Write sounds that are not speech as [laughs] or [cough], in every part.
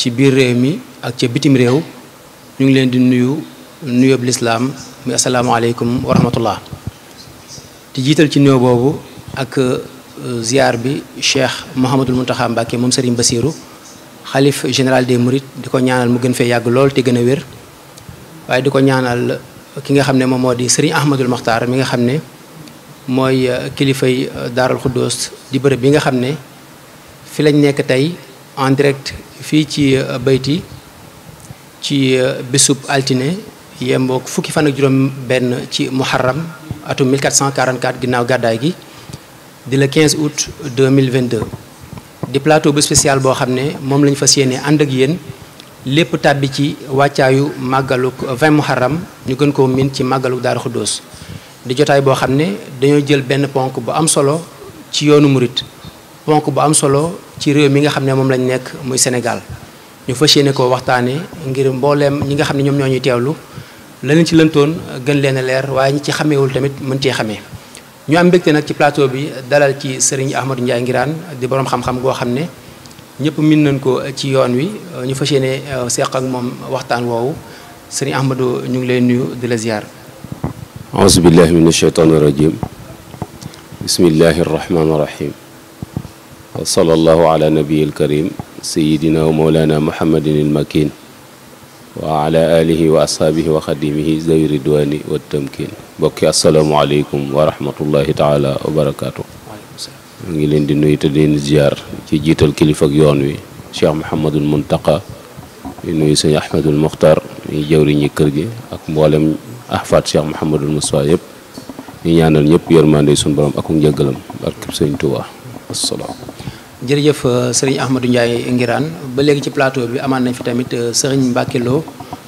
ci biir réew mi ak ca bitim réew ñu ngi leen di nuyu nuyoob lislaam muy asalaamaaleykum wa rahmatullah di jiital ci boobu ak euh, ziar bi cheikh mohamadul muntaha mbàkke moom sëriñ basiru xalif général des mourides di ko ñaanal mu gën fee yàgg lool te gën a wér waaye di ko ñaanal ki nga xam ne moom moo di sëriñ ahmadul maxtaar mi nga xam ne mooy euh, kilifay euh, daarul xuddoos di bërëb bi nga xam ne fi lañ nekk tey en direct fii ci euh, Bayti ci euh, bésub altine yemboog fukki fan juróom benn ci muharram atum 1444 ginnaaw gàddaay gi di le 15 août 2022 di plateau bu spécial boo xam ne moom la fa fas yéene ànd ak yéen lépp tàbbi ci wàccaayu màggaluk 20 muharram ñu gën koo miin ci màggaluk Daaru Xuddoos di jotaay boo xam ne dañoo jël benn ponk bu am solo ci yoonu murit ponk bu am solo ci réew mi nga xam ne moom lañu nekk muy Sénégal ñu fas yéene koo waxtaanee ngir mbooleem ñi nga xam ne ñoom ñoo ñuy teewlu la ci lëntoon gën leen a leer waaye ñi ci xameewul tamit mën cee xamee. ñu am mbégte nag ci plateau bi dalal ci sëriñ Ahmadou Ndiaye Nguirane di boroom xam-xam goo xam ne ñëpp min nañ ko ci yoon wi ñu fas yéene euh, seq ak moom waxtaan woowu sëriñ Ahmadou ñu ngi lay nuyu di la ziar. auzu billahi min صلى الله على نبي الكريم سيدنا ومولانا محمد المكين وعلى آله وأصحابه وخديمه زي الردوان والتمكين بكي السلام عليكم ورحمة الله تعالى وبركاته نجلين دينو يتدين زيار كي جيت الكليفة يونوي شيخ محمد المنتقى نو يسني أحمد المختار يجوري نيكرجي أكم أحفاد شيخ محمد المصايب ñi ñaanal ñëpp yërmande suñu borom ak ñu jëgalam barke jërëjëf euh, sëriñ Ahmadou Ndiaye Ngiraan ba léegi ci plateau bi amaan nañ fi tamit euh, sëriñ Mbacke loo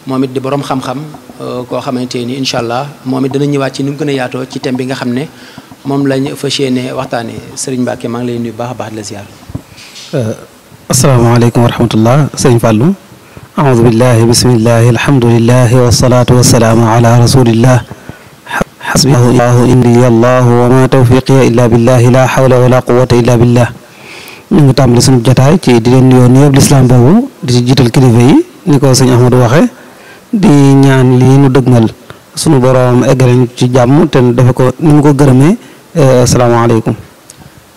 moom it di borom xam-xam euh, koo xamante ni incha allah moom it dana ñëwaat ci nu mu gën a yaatoo ci thème bi nga xam ne moom lañ fas yéene waxtaanee sëriñ Mbacke maa ngi lay nuyu baax a baax di la ziar. asalaamaaleykum wa rahmatullah sëriñ Fallou. aoudu billahi bismillahi alhamdulillahi wasalaatu wasalaamu ala rasulillah. xasbi allahu indi ñu ngi tàmbali suñu jotaay ci di leen nuyoo nuyoo lislaam boobu di ci jiital kilifa yi ni ko sëñ Ahmadou waxee di ñaan lii nu dëgmal suñu borom eggalañ ci jàmm te defe ko ni mu ko gërëmee eh, asalaamaaleykum.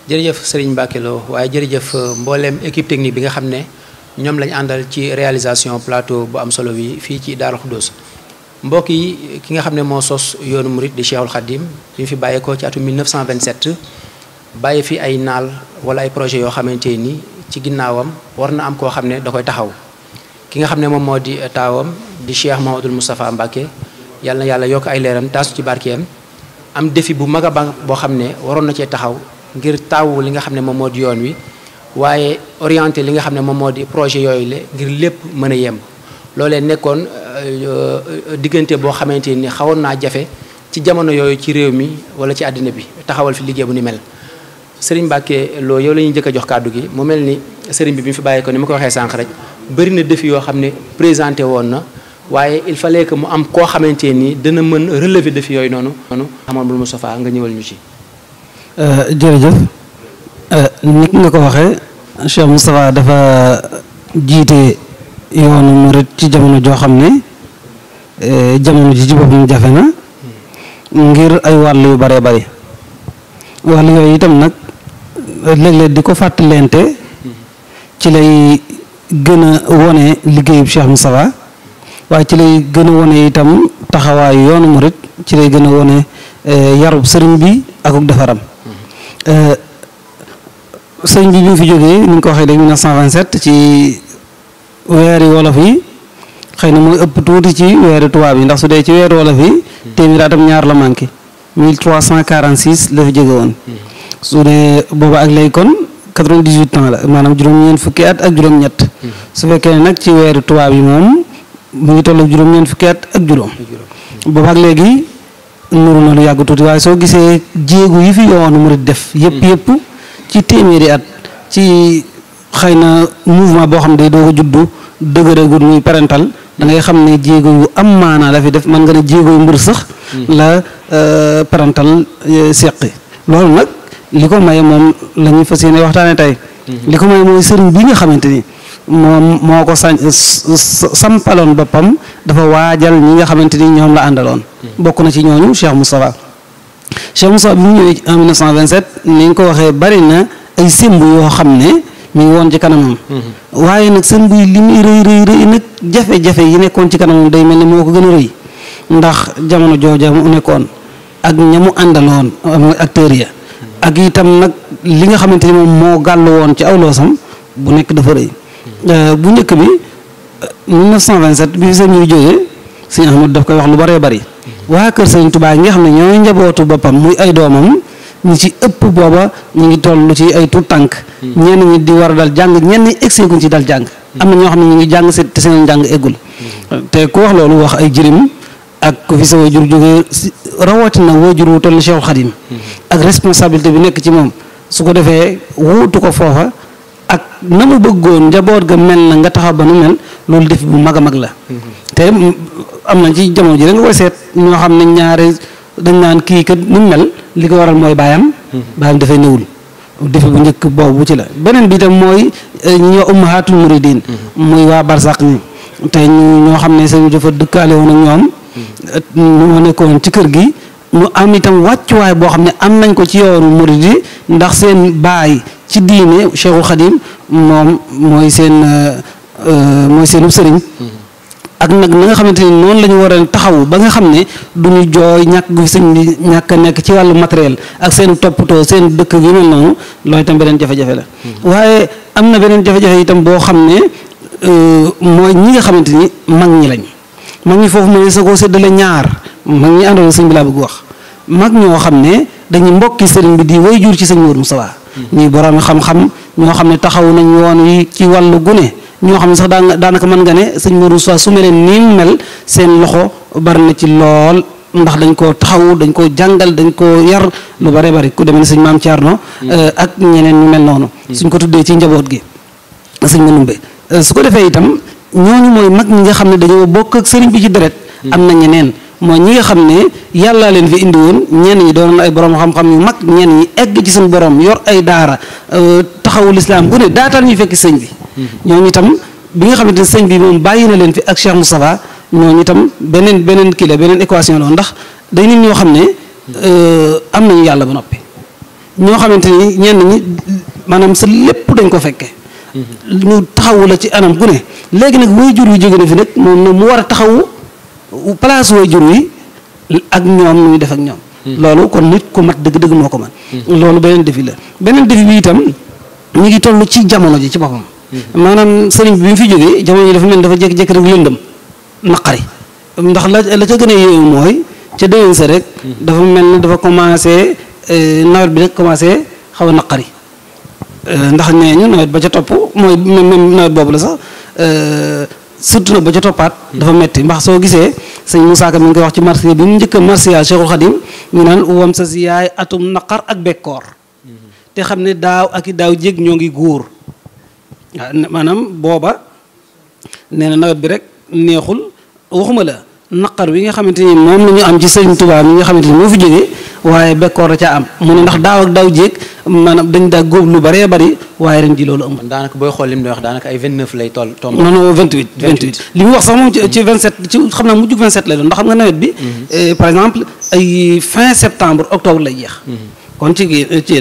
jërëjëf Serigne Mbacke Lo waaye jërëjëf eh, mbooleem équipe technique bi nga xam ne ñoom lañ àndal ci réalisation plateau bu am solo bi fii ci Darou Khoudoss mbokk yi ki nga xam ne moo sos yoonu murit di Cheikhul Khadim bi fi bàyyeekoo ci atum 1927. bàyyi fi ay naal wala ay projet yoo xamante ni ci ginnaawam war na am koo xam ne da koy taxaw ki nga xam ne moom moo di taawam di Cheikh Mahamadul Moustapha Mbacke yàlla yàlla yokk ay leeram taasu ci barkeem am défi bu mag a mag boo xam ne waroon na cee taxaw ngir taawu li nga xam ne moom moo di yoon wi waaye orienté li nga xam ne moom moo di projet yooyu le ngir lépp mën a yemb loolee nekkoon euh, euh, diggante boo xamante ni xawoon naa jafe ci jamono yooyu ci réew mi wala ci àddina bi taxawal fi liggéey bu ni mel sëriñ Mbacke loo yow la ñuy njëkk a jox kàddu gi mu mel ni sëriñ bi bi mu fi bàyyee ko ni ma ko waxee sànq rek bëri na défi yoo xam ne présenté woon na waaye il fallait que mu am koo xamante ni dina mën relever défi yooyu noonu. noonu xamoon bul Moustapha nga ñëwal ñu ci. Euh, jërëjëf euh, nit nga ko waxee Cheikh Moustapha dafa jiite yoonu murit ci jamono joo xam ne euh, jamono ji ci boppam jafe na ngir ay wàll yu bare bare wàll yooyu itam nag. léeg-léeg di ko fàttalente ci lay gën a wone liggéeyub Cheikh Moustapha waaye ci lay gën a wone itam taxawaayu yoonu murit ci lay gën a wone eh, yarub sëriñ bi akuk defaram eh, sëriñ bi bi mu fi jógee ni nga ko waxee léegi 1927 ci weeri wolof yi xëy na mooy ëpp tuuti ci weeri tubaab bi ndax su dee ci weeri wolof yi téeméer atam ñaar la manqué 1346 la fi jóge woon su dee booba ak léegi kon 98 ans la maanaam juróom-ñeent fukki at ak juróom hmm. su fekkee ne ci weeru tubaab yi moom mu ngi toll ak juróom-ñeent fukki at ak juróom booba ak léegi nuru na lu yàgg tuuti waaye soo gisee jéegu yi fi yoonu murit def yëpp hmm. yëpp ci téeméeri at ci xëy na mouvement boo xam ne day doo ko juddu dëgëragul muy parental da ngay xam ne jéego yu am maanaa la fi def mën nga ne jéego yu mbir sax hmm. la euh, parental euh, seqi loolu nag liko may mom lañu la waxtane tay mhm. liko may moy serigne bi nga xamanteni mom moko moo ko sañ dafa wajal ñi nga xamanteni ñom la andalon mhm. bokku na ci ñooñu Cheikh Moustapha Cheikh Moustapha bi mu ñëwee 1927 ni nga ko waxe bari na ay simb yo xamne ne mi won ci kanam mhm. waye nak sëriñ bi li muy rëy rëy nak jafé jafe-jafe yi nekkon ci kanam day melni moko gëna ko ndax jamono jooja mu nekkon ak ñamu andalon àndaloon ya ak tam nag li nga xamante ni moom moo gàll woon ci aw loosam bu nekk dafa rëy euh, bu njëkk bi 1927 euh, bi sëñ bi jógee sëñ Ahmad daf koy wax lu bëree bëri waa kër sëñ yi nga xam ne ñooy njabootu boppam muy ay doomam ñi ci ëpp booba ñu ngi toll ci ay tuut tànk ñenn ñi di war a dal jàng ñenn ñi egseeguñ ci dal jàng am na ñoo xam ne ñu ngi jàng te seen jàng eggul mm-hmm. te ku wax loolu wax ay jirim ak ku fi sa waajur jógee rawatina waajur wu toll Cheikh Khadim mm-hmm. ak responsabilité bi nekk ci moom su ko defee wuutu ko foofa ak na mu bëggoon njaboot ga mel na nga taxaw ba nu mel loolu def bu mag a mag la mm-hmm. te am na ci jamono ji da nga koy seet ñoo xam ne ñaare dañ naan kii kat nu mel li ko waral mooy baayam mm-hmm. baayam dafay néewul defi bu njëkk boobu ci la beneen bi tam mooy eh, ñi ummahatul muridin muy waa barsàq ñi te ñoo xam ne sëñ dafa dëkkaale woon ak ñoom ñoo nekkoon ci kër gi ñu am itam wàccuwaay boo xam ne am nañ ko ci yoonu murid yi ndax seen baay ci diine Cheikhul Khadim moom mooy seen euh, euh, mooy seenu sëriñ ak nag na nga xamante ni noonu lañu war a taxaw ba nga xam ne du ñu jooy ñàkk gu sëñ ñàkk nekk ci wàllu matériel ak seen toppatoo seen dëkk yu mel noonu loolu itam beneen jafe-jafe la waaye am na beneen jafe-jafe itam boo xam ne euh, mooy ñi nga xamante ni mag ñi lañ mag ñi foofu mënees na koo séddale ñaar mag ñi àndoon sëñ bi laa bëgg wax mag ñoo xam ne dañuy mbokki sëriñ bi di way jur ci sëñ Modou Moustapha ñuy borom xam-xam ñoo xam ne taxaw nañ yoon wi ci wàllu gune ñoo xam ne sax daanaka mën nga ne sëñ Modou Moustapha su meleen nii mel seen loxo bari na ci lool ndax dañ ko taxaw dañ koo jàngal dañ ko yar lu bare bari ku deme ne sëñ maam Thierno hmm. eh, ak ñeneen ñu mel noonu hmm. suñ ko tuddee ci njaboot gi sëñ eh, su ko defee itam ñooñu mooy mag ñi nga xam ne dañoo bokk ak sëriñ bi ci deret am na ñeneen mooy ñi nga xam ne yàllaa leen fi indi woon ñenn ñi doon ay borom xam-xam yu mag ñenn ñi egg ci seen borom yor ay daara euh, taxawu lislaam bu ne daataan fekk sëñ bi hmm. ñooñu itam bi nga xamante ne sëñ bi moom bàyyi na leen fi ak Cheikh Moustapha ñooñu itam beneen beneen kii beneen équation la ndax day nit ñoo xam ne euh, am nañu yàlla ba noppi ñoo xamante ni ñenn ñi maanaam sa lépp dañ ko fekkee ñu taxawu la ci anam gu ne léegi nag way jur yu jóge na fi nag moom mu war a taxawu place way jur wi ak ñoom ñuy def ak ñoom hmm. loolu kon nit ku mat dëgg-dëgg moo ko man hmm. loolu beneen defi la beneen defi bi itam ñu ngi toll ci jamono ji ci boppam hmm. maanaam sëriñ bi bi mu fi jógee jamono ji dafa mel dafa jékki-jékki rek lëndëm naqari ndax la la ca gën a yéewu mooy ca déwén sa rek dafa mel ne dafa commencé euh, nawet bi rek commencé xaw a naqari Euh, ndax nee ñu nawet ba ca topp mooy même nawet boobu la sax euh, surtout nag ba ca toppaat dafa metti ndax soo gisee sëñ musaaka Ka mi ngi wax ci marché bi mu njëkk a marché Cheikhul Khadim naan wam sa si yaay atum naqar ak bekkoor te xam ne daaw ak daaw jéeg ñoo ngi góor ah, maanaam booba nee na nawet bi rek neexul waxuma la naqar wi nga xamante ni moom la am ci sëriñ Tuubaa mi nga xamante ni moo fi jógee waaye bekkoor a caa am mu ne ndax daaw ak daaw jéeg maanaam dañ daa góob lu bëree bëri waaye ren ji loolu amul. kon daanaka booy xool li mu doon wax daanaka ay 29 lay toll. tomb non non li mu wax sax moom ci 27 ci xam naa mujj 27 lay doon ndax xam nga nawet bi. Mhm. Eh, par exemple ay fin septembre octobre lay jeex. Mhm. kon ci ci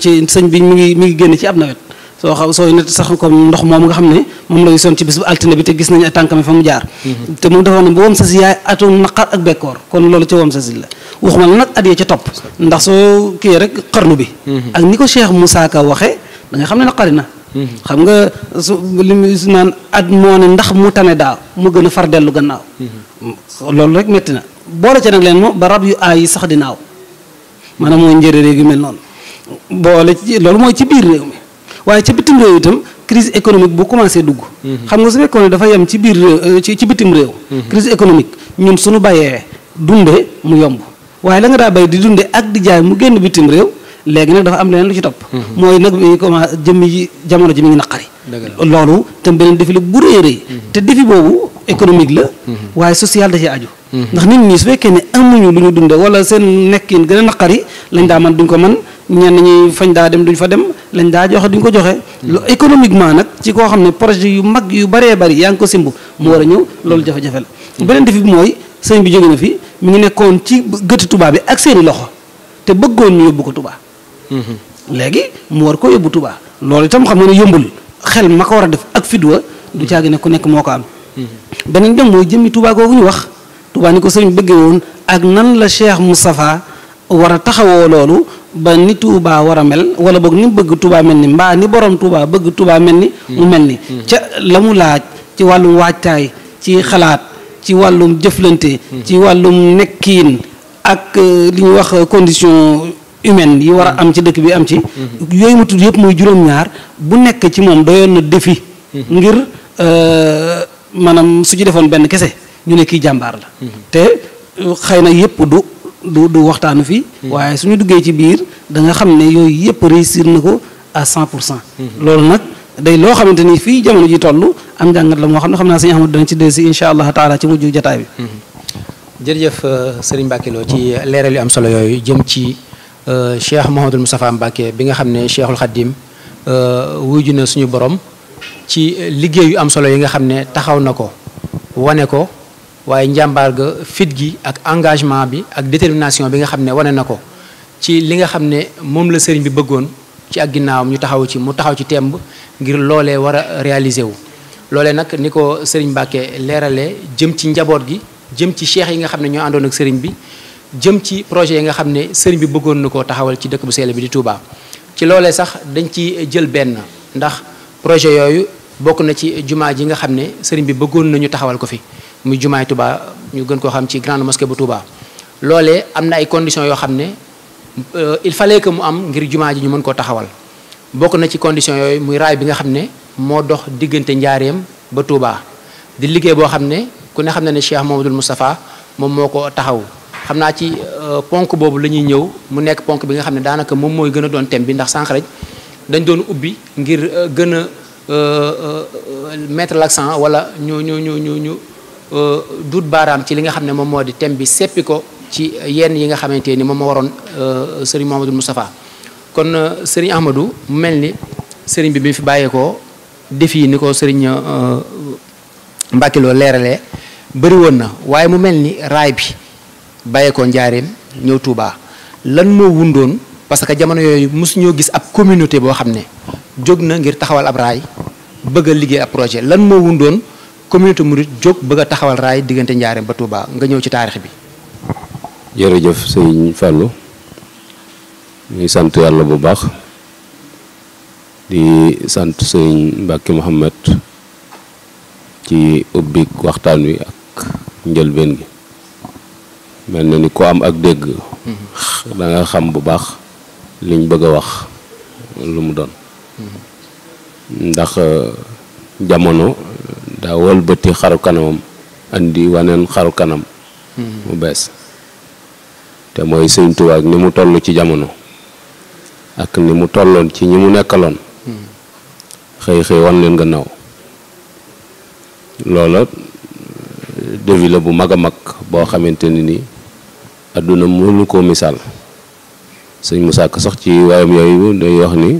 ci sëñ bi mi ngi mi ngi génn ci ab nawet. so xaw so nett sax ko ndox mom nga xamne mom moom la gisoon ci bisbu altine bi te gis nañu ay famu jaar te moom defone ne bu wam sasi yaay atum naqar ak bekor kon loolu ca wam sasi la waxuma la nag at yee ca ndax so ki rek xarnu bi ak niko Cheikh Moussa Ka waxe da nga xamne ne naqari xam nga su li ad moone ndax mu tane da mu gëna far delu gannaaw lolu rek métti na boole ci nak len mo ba rab yu ay sax dinaaw manam maanaam ndere njëriñ réew yu mel noonu boole ci lolu moy ci bir réew mi waaye ca bitim réew itam crise économique bu commencé dugg mhm. xam nga su fekkoon ne dafa yem ci biir euh, ci ci bitim réew mhm. crise économique ñun suñu bàyyee dunde mu yomb waaye la nga daa bay di dunde ak di jaay mu génn bitim réew léegi nag dafa am leen lu ci topp mhm. mooy nag mi ngi commencé yi jamono ji mi ngi naqari loolu te beneen défi la bu rëy rëy te défi boobu économique la waaye social da ci aju ndax nit ñi su fekkee ne amuñu lu ñu dunde wala seen nekkin gën naqari lañ daa man duñ ko man ñen ñi fañ da dem duñ fa dem lañ da joxe duñ ko joxe lo économiquement nak ci ko xamné projet yu mag yu baree bari yang ko simbu mo wara ñew ñëw jafé jafé la bi moy sëñ bi jëgëna fi mi ngi nekkon ci gëti tuba bi ak seeni loxo té bëggoon ñu yobbu ko hmm légui mo war ko yobbu tuba loolu itam xam nga ne yombul xel mako wara def ak fidwa du mm-hmm. ne ku nekk moko am mm-hmm. benen dem moy jëmi tuba gogu ñu wax tuba ni ko ak nan la cheikh moustapha war a taxawoo loolu ba ni Touba war a mel wala boog ni bëgg Touba mel ni mbaa ni borom Touba bëgg Touba mel ni. mu mel ni hmm. ca la mu laaj ci wàllum waajtaay ci xalaat ci wàllum jëflante. Hmm. ci wàllum nekkiin ak euh, li ñuy wax condition humaine yi war a am ci dëkk bi am ci. Hmm. yooyu mu tudd yëpp mooy juróom-ñaar bu nekk ci moom doyoon na defi ngir euh, maanaam su ci defoon benn kese ñu ne kii jàmbaar la. te euh, xëy na yëpp du. du du waxtaanu fi hmm. waaye suñu duggee ci biir danga xam ne yooyu yëpp réussir na ko à cent pour cent hmm. loolu nag day loo xamante ni fii jamono ji toll am njàngat la moo xam ne xam naa sëñ Ahmadu dana ci dellu si incha allah taala ci mujj jataay bi hmm. jërëjëf euh, sëriñ Mbacke Lo ci leeral yu am solo yooyu jëm ci euh, cheikh Mouhamadul Moustapha Mbacke bi nga xam ne cheikhul Khadim euh, wuyu na suñu borom ci liggéey yu am solo yi nga xam ne taxaw na ko wane ko waaye njàmbaar ga fit gi ak engagement bi ak détermination bi nga xam ne wane na ko ci li nga xam ne moom la sëriñ bi bëggoon ci ak ginnaawam ñu taxaw ci mu taxaw ci temb ngir loole war a réaliser wu. loolee nag ni ko sëriñ Mbàkke leerale jëm ci njaboot gi jëm ci cheikh yi nga xam ne ñoo àndoon ak sëriñ bi jëm ci projet yi nga xam ne sëriñ bi bëggoon na koo taxawal ci dëkk bu sell bi di Touba. ci loolee sax dañ ci jël benn ndax projet yooyu bokk na ci jumaa ji nga xam ne sëriñ bi bëggoon nañu taxawal ko fi. muy jumaay Touba ñu gën koo xam ci grande mosquée bu Touba loolee am na ay conditions yoo xam ne euh, il fallait que mu am ngir jumaa ji ñu mën koo taxawal bokk na ci conditions yooyu muy raay bi nga xam ne moo dox diggante njaareem ba Touba di liggéey boo xam ne ku ne xam ne ne Cheikh Mamadou Moustapha moom moo ko taxaw xam naa ci euh, ponk boobu la ñuy ñëw mu nekk ponk bi nga xam ne daanaka moom mooy gën a doon thème bi ndax sànq rek dañ doon ubbi ngir euh, gën a Euh, duut baaraam ci li nga xam ne moom moo di thème bi seppi ko ci yenn yi nga xamante ni moom moo waroon euh, sëriñ Mouhamadou Moustapha kon euh, sëriñ Ahmadou mu mel ni sëriñ bi bi fi bàyyeekoo defi ni ko sëriñ Mbacke Lo leeralee na waaye mu mel ni raay bi bàyyeekoo njaareem ñëw Touba lan moo wundoon parce que jamono yooyu mosu ñoo gis ab communauté boo xam ne jóg na ngir taxawal ab raay bëgg a liggéey ab projet lan moo wundoon. communauté mouride jog bëgg taxawal raay digënté ñaaré ba Touba nga ñëw ci taarix bi. jëf sëñ Fallou ñi sant yalla bu baax di sant sëñ mbacké Mouhamed ci ubbi waxtaan wi ak ñël ben gi mel ni ko am ak dégg. Mm-hmm. da nga xam bu baax liñ bëgg wax lu mu doon. Mm-hmm. ndax euh, jamono wol beuti xaru kanam andi wanen xaru kanam hmm. mu bes te moy seigne touba ak ni mu tollu ci jamono ak ni mu tollon ci ñi mu nekkalon hmm. xey xey wan len gannaaw loola devi la bu maga a mag boo xamante ni aduna àdduna mënu ko misal seigne moussa ko sax ci yoy yu day wax ni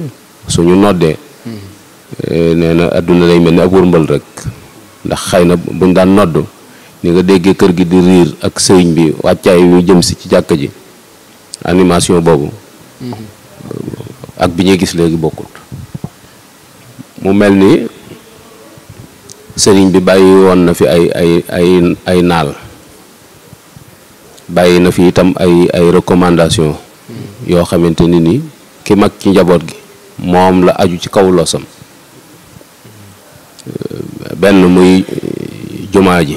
suñu nodde hmm. eh, nee na lay melni ak wurmbal rek ndax xëy na buñ daan nodd ni nga déggee kër gi di riir ak sëriñ bi wàccaay yu jëm si ci jàkka ji animation boobu ak bi ñuy gis léegi bokkut mu mel ni sëriñ bi bàyyi woon na fi ay ay ay ay naal bàyyi na fi itam ay ay recommandation yoo xamante ni ni ki mag ci njaboot gi moom la aju ci kaw losam ben muy eh, jumaa ji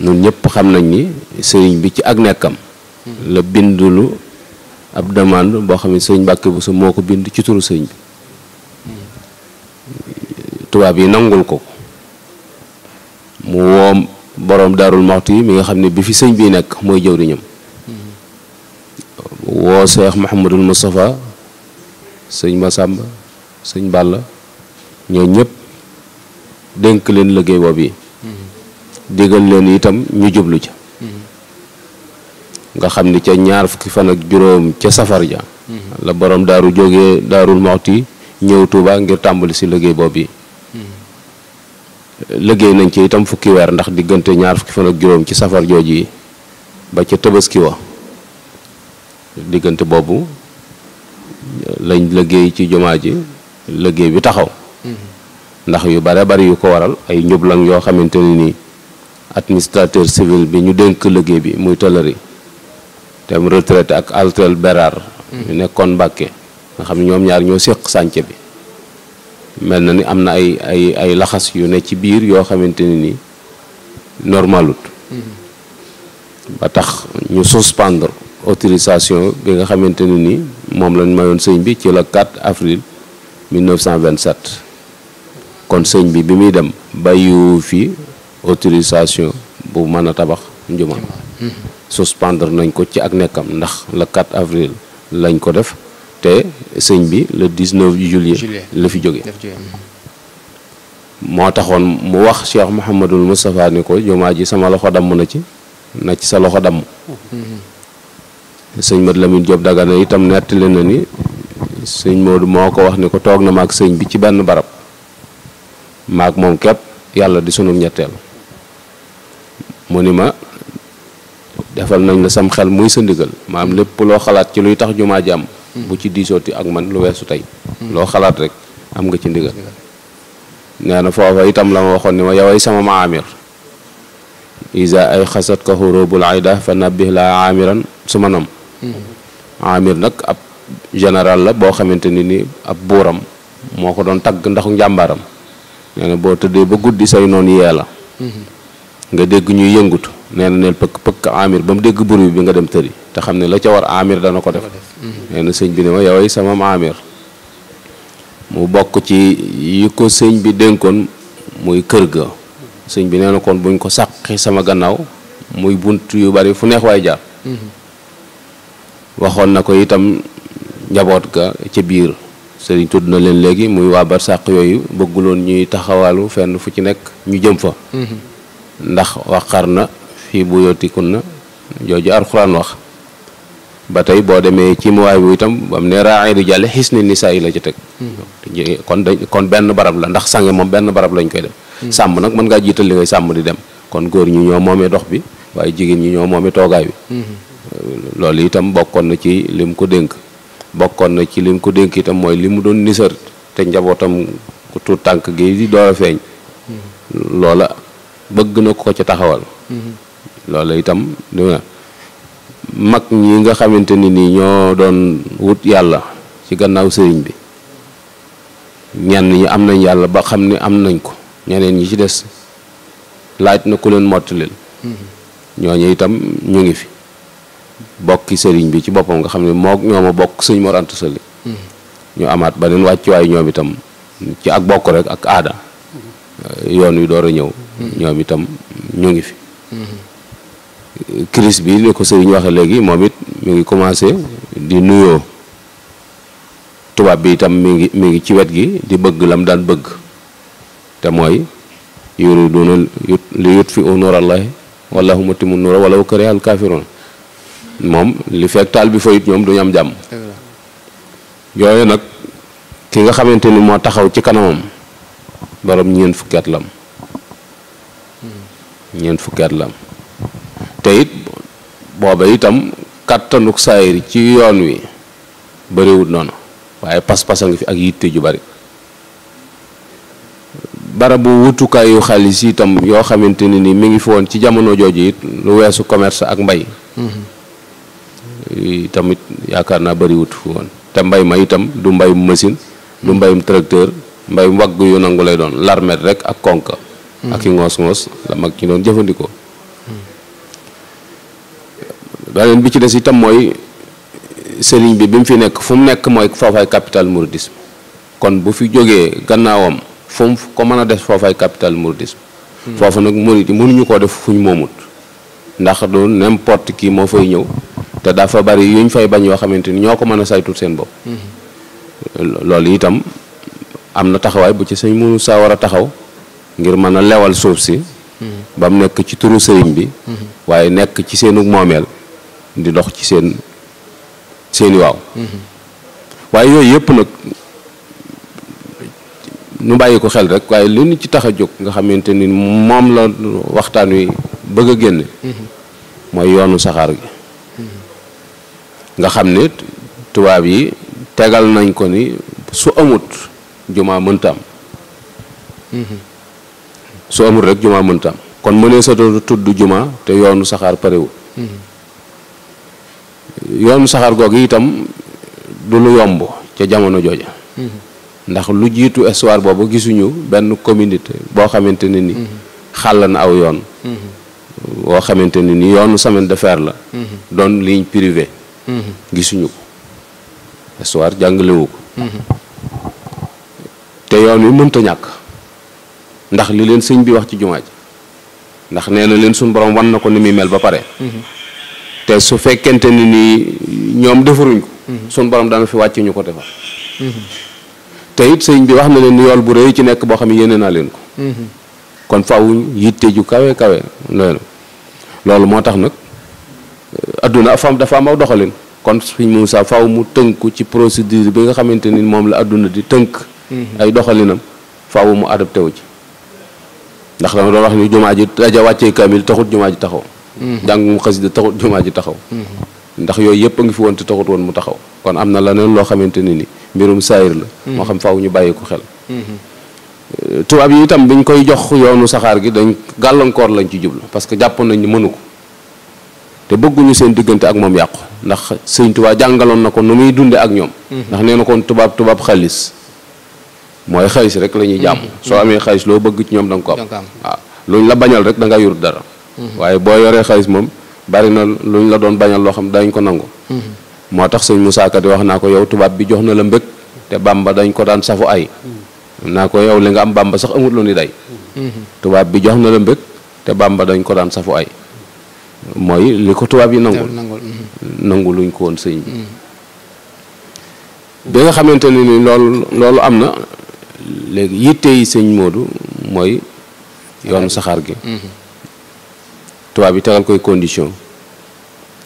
nun paham xam nañ ni sëriñ bi ci ak nekkam la bindulu ab demande bo xamni sëriñ bakki bu su ko bind ci turu sëriñ bi tubaab bi nangul ko mu wom borom darul maxtu mi nga xamni bi fi sëriñ bi nekk moy jëw di ñam woo seex Mahamadul Moustapha sëñ Masamba sëñ Balla ñoo ñepp dénk leen liggéey boobu yi digal leen itam ñu jublu ca nga xam ni ca ñaar fukki fan ak juróom ca safar ja la borom daaru jógee daarul moxti ñëw Tuuba ngir tàmbali si liggéey boob yi liggéey nañ ci itam fukki weer ndax diggante ñaar fukki fan ak juróom ci safar jooju yi ba ca tabaski wa diggante boobu lañ liggéey ci jumaa ji liggéey bi taxaw ndax yu bare bari yu ko waral ay ñublang yo xamanteni ni administrateur civil bi ñu denk liggéey bi muy tëlëri dem retraite ak altel berar hmm. ñu nekkon bakke nga xam ñom ñaar ñoo sekk santé bi melna ni am ay ay ay laxas yu ne ci biir yo xamanteni ni normalut hmm. ba tax ñu suspendre autorisation bi nga xamanteni ni mom lañ mayon sëñ bi ci le 4 avril 1927 kon sëñ bi bi muy dem bàyyiwu fi autorisation bu mën a tabax njuma hmm. suspendre nañ ko ci ak nekkam ndax le 4 avril lañ ko def te sëñ bi le 19 juillet la fi jóge hmm. moo taxoon mu wax Cheikh Mouhamadul Moustapha ni ko jumaa ji sama loxo damm na ci na ci sa loxo damm hmm. sëñ Mat Lamine Diop Dagana itam nettali na ni sëñ Modou moo ko wax ni ko toog na ma ak sëñ bi ci benn barab Mak moom kep yàlla di sunum ñetteel mu ni ma defal nañ la sam xel muy sa ndigal maam lépp loo xalaat ci luy tax jumaa ji bu ci diisooti ak man lu weesu tey loo xalaat rek am nga ci ndigal nee na foofa itam la ma waxoon ni ma yaway sama maamir isa ay xasat ka xurubul ayda fa nabih la amiran sumanam. amir nak ab général la boo xamante ni ab buuram moo ko doon tagg ndaxu njàmbaaram nee na boo tëddee ba guddi say noonu yee la mhm. nga dégg ñuy yëngutu nee na neel pëkk pëkk amir ba mu dégg buru bi nga dem tëri te xam la ca war amir dana ko def mhm. nee na sëñ bi ne ma yoway samam amir mu bokk ci yi ko sëñ bi dénkoon muy kër ga sëñ bi nee na kon buñ ko sàqi sama gannaaw muy bunt yu bari fu neex waay jaar mhm. waxoon na ko itam njaboot ga ca biir sëriñ tudd na leen léegi muy waa barsàq yooyu bëgguloon ñuy taxawalu fenn fu ci nekk ñu jëm fa mm-hmm. ndax xar na fii bu yootikun na jooju alxuraan wax ba tey boo demee ci muwaay bu itam bam ne raay du jàlle xis ni nisaa yi la ci teg mm-hmm. kon dañ kon benn barab la ndax sange moom benn barab lañ koy def mm-hmm. sàmm nag mën ngaa jiital li ngay sàmm di dem kon góor ñi ñoo moomee dox bi waaye jigéen ñi ñoo moomee toogaay bi loolu itam bokkoon na ci lim ko dénk bokkon na ci lim ko denk itam moy li doon te njabotam ku tank gi di do feñ lola loola bëgg na ko ci taxawal lola itam di mak ñi nga xamanteni ni nii ñoo doon wut yalla ci gannaaw serigne bi ñan ñi am nañ yalla ba xamni ni am nañ ko ñeneen ñi ci dess laaj na ku leen mm-hmm. itam ñu ngi fi bokki sëriñ bi ci bopam nga xamni mo ñoma bok ma bokk sëñ Mor Anta ñu amaat waccu wàccuwaay ñom itam ci ak bok rek ak aada yoon yu doora ñew ñom itam ñu ngi fi kris bi ni ko sëriñ waxe legi momit mi ngi commencé di nuyo tuba bi itam mi ngi mi ngi ci wet gi di bëgg lam daan bëgg te mooy yuriduna li yutfi u nuurallahi wallahu matimu nuura walau kariha al kafirun mom li fek taal bi fayit ñom du ñam jam yoy nak ki nga xamanteni mo taxaw ci kanamam borom ñeen fukkat lam ñeen fukkat lam te it booba itam katanuk sayir ci yoon wi bari wu non pas-pas pass nga fi ak yitte ju bari barabu yu xaalis itam yo yo ni mi ngi fi woon ci jamono joji lu wessu commerce ak mbay tamit yaakaar naa bëriwut fu woon te mbay ma itam du mbayum machine du mbayum tracteur mbayum wagg yu nangu lay doon larmet rek ak konka hmm. ak i ngoos-ngoos la mag doon jëfandikoo beneen bi ci des itam mooy sëriñ bi bi mu fi nekk fu mu nekk mooy foofay capital mouridisme kon bu fi jógee gannaawam fu mu ko mën a def foofay capital mouridisme hmm. foofu nag murid yi mënuñu koo def fu ñu moomut ndax du n'importe kii moo fay ñëw te dafa bari yuñ fay bañ yoo xamante ni ñoo ko mën a saytu seen bopp. loolu itam am na taxawaay bu ci sëñ mu saa war a taxaw ngir mën a lewal suuf si. Mm-hmm. bam nekk ci turu sëriñ bi. Mm-hmm. waaye nekk ci seenu moomeel di dox ci seen seeni waaw. Mm-hmm. waaye yooyu yëpp nag nu bàyyi ko xel rek waaye li ñu ci tax a jóg nga xamante ni moom la waxtaan wi bëgg a génne. mooy yoonu saxaar gi. nga xam ne tubaab yi tegal nañ ko ni su amut jumaa mënta am mm-hmm. su amut rek jumaa mënta am kon mënee sa tudd jumaa te yoonu saxaar parewut mm-hmm. yoonu saxaar googu itam du lu yomb ca jamono jooja mm-hmm. ndax lu jiitu histoire boobu gisuñu benn communité boo xamante ne ni xàll na aw yoon boo xamante ne ni yoonu semaine de fer la doon ligne privée gisuñu ko histoire wu ko te yoon wi mënta ñàkk ndax li leen sëñ bi wax ci jumaa ji ndax nee na leen suñ wan na ko ni mel ba pare te su fekkente ni nii ñoom defaruñ ko suñ borom dana fi wàcc ñu ko defar te it sëñ bi wax na leen yool bu rëy ci nekk boo xam yéene naa leen ko kon faaw yitte ju kawe kawe loolu moo tax nag adduna fa dafa am aw doxalin kon sëñ Moussa faw mu tënku ci procédure bi nga xamante ni moom la adduna di tënk mhm. ay doxalinam faaw mu adapté wu ci ndax dama doon wax ni jumaa ji daja wàcce kaamil taxut jumaa ji taxaw mhm. jàngum xasida taxut jumaa ji taxaw mhm. ndax yooyu yëpp a ngi fi woon te taxut woon mu taxaw kon am na leneen loo xamante ne ni mbirum saayir la moo xam faaw ñu bàyyi ko xel euh, tubaab yi itam biñ koy jox yoonu saxaar gi dañ gàllankoor lañ ci jublu parce que jàpp nañ mënu ko te bëgguñu seen diggante ak moom yàqu ndax sëñ Tuubaa jàngaloon na ko nu muy dunde ak ñoom mhm. ndax nee na koon tubaab tubaab xaalis mooy xaalis rek la ñuy jàmm mhm. soo amee xaalis loo bëgg ci ñoom da ko am waaw luñ la bañal rek da dara mhm. waaye boo yoree xaalis moom bari na luñ la doon bañal loo xam dañ ko nangu moo tax sëñ Moussa Ka di wax naa ko yow tubaab bi jox na la mbëgg te bàmba dañ ko daan safu ay naa ko yow li nga am bàmba sax amut lu ni day tubaab bi jox na la mbëgg te bàmba dañ ko daan safu ay mooy li ko tubaab yi nangul nangu mhm. luñ ko woon sëñ bi mhm. bi nga xamante ne ni loolu loolu am na léegi yitte yi sëñ moodu mooy yoonu saxaar gi mhm. tubaab yi tegal koy condition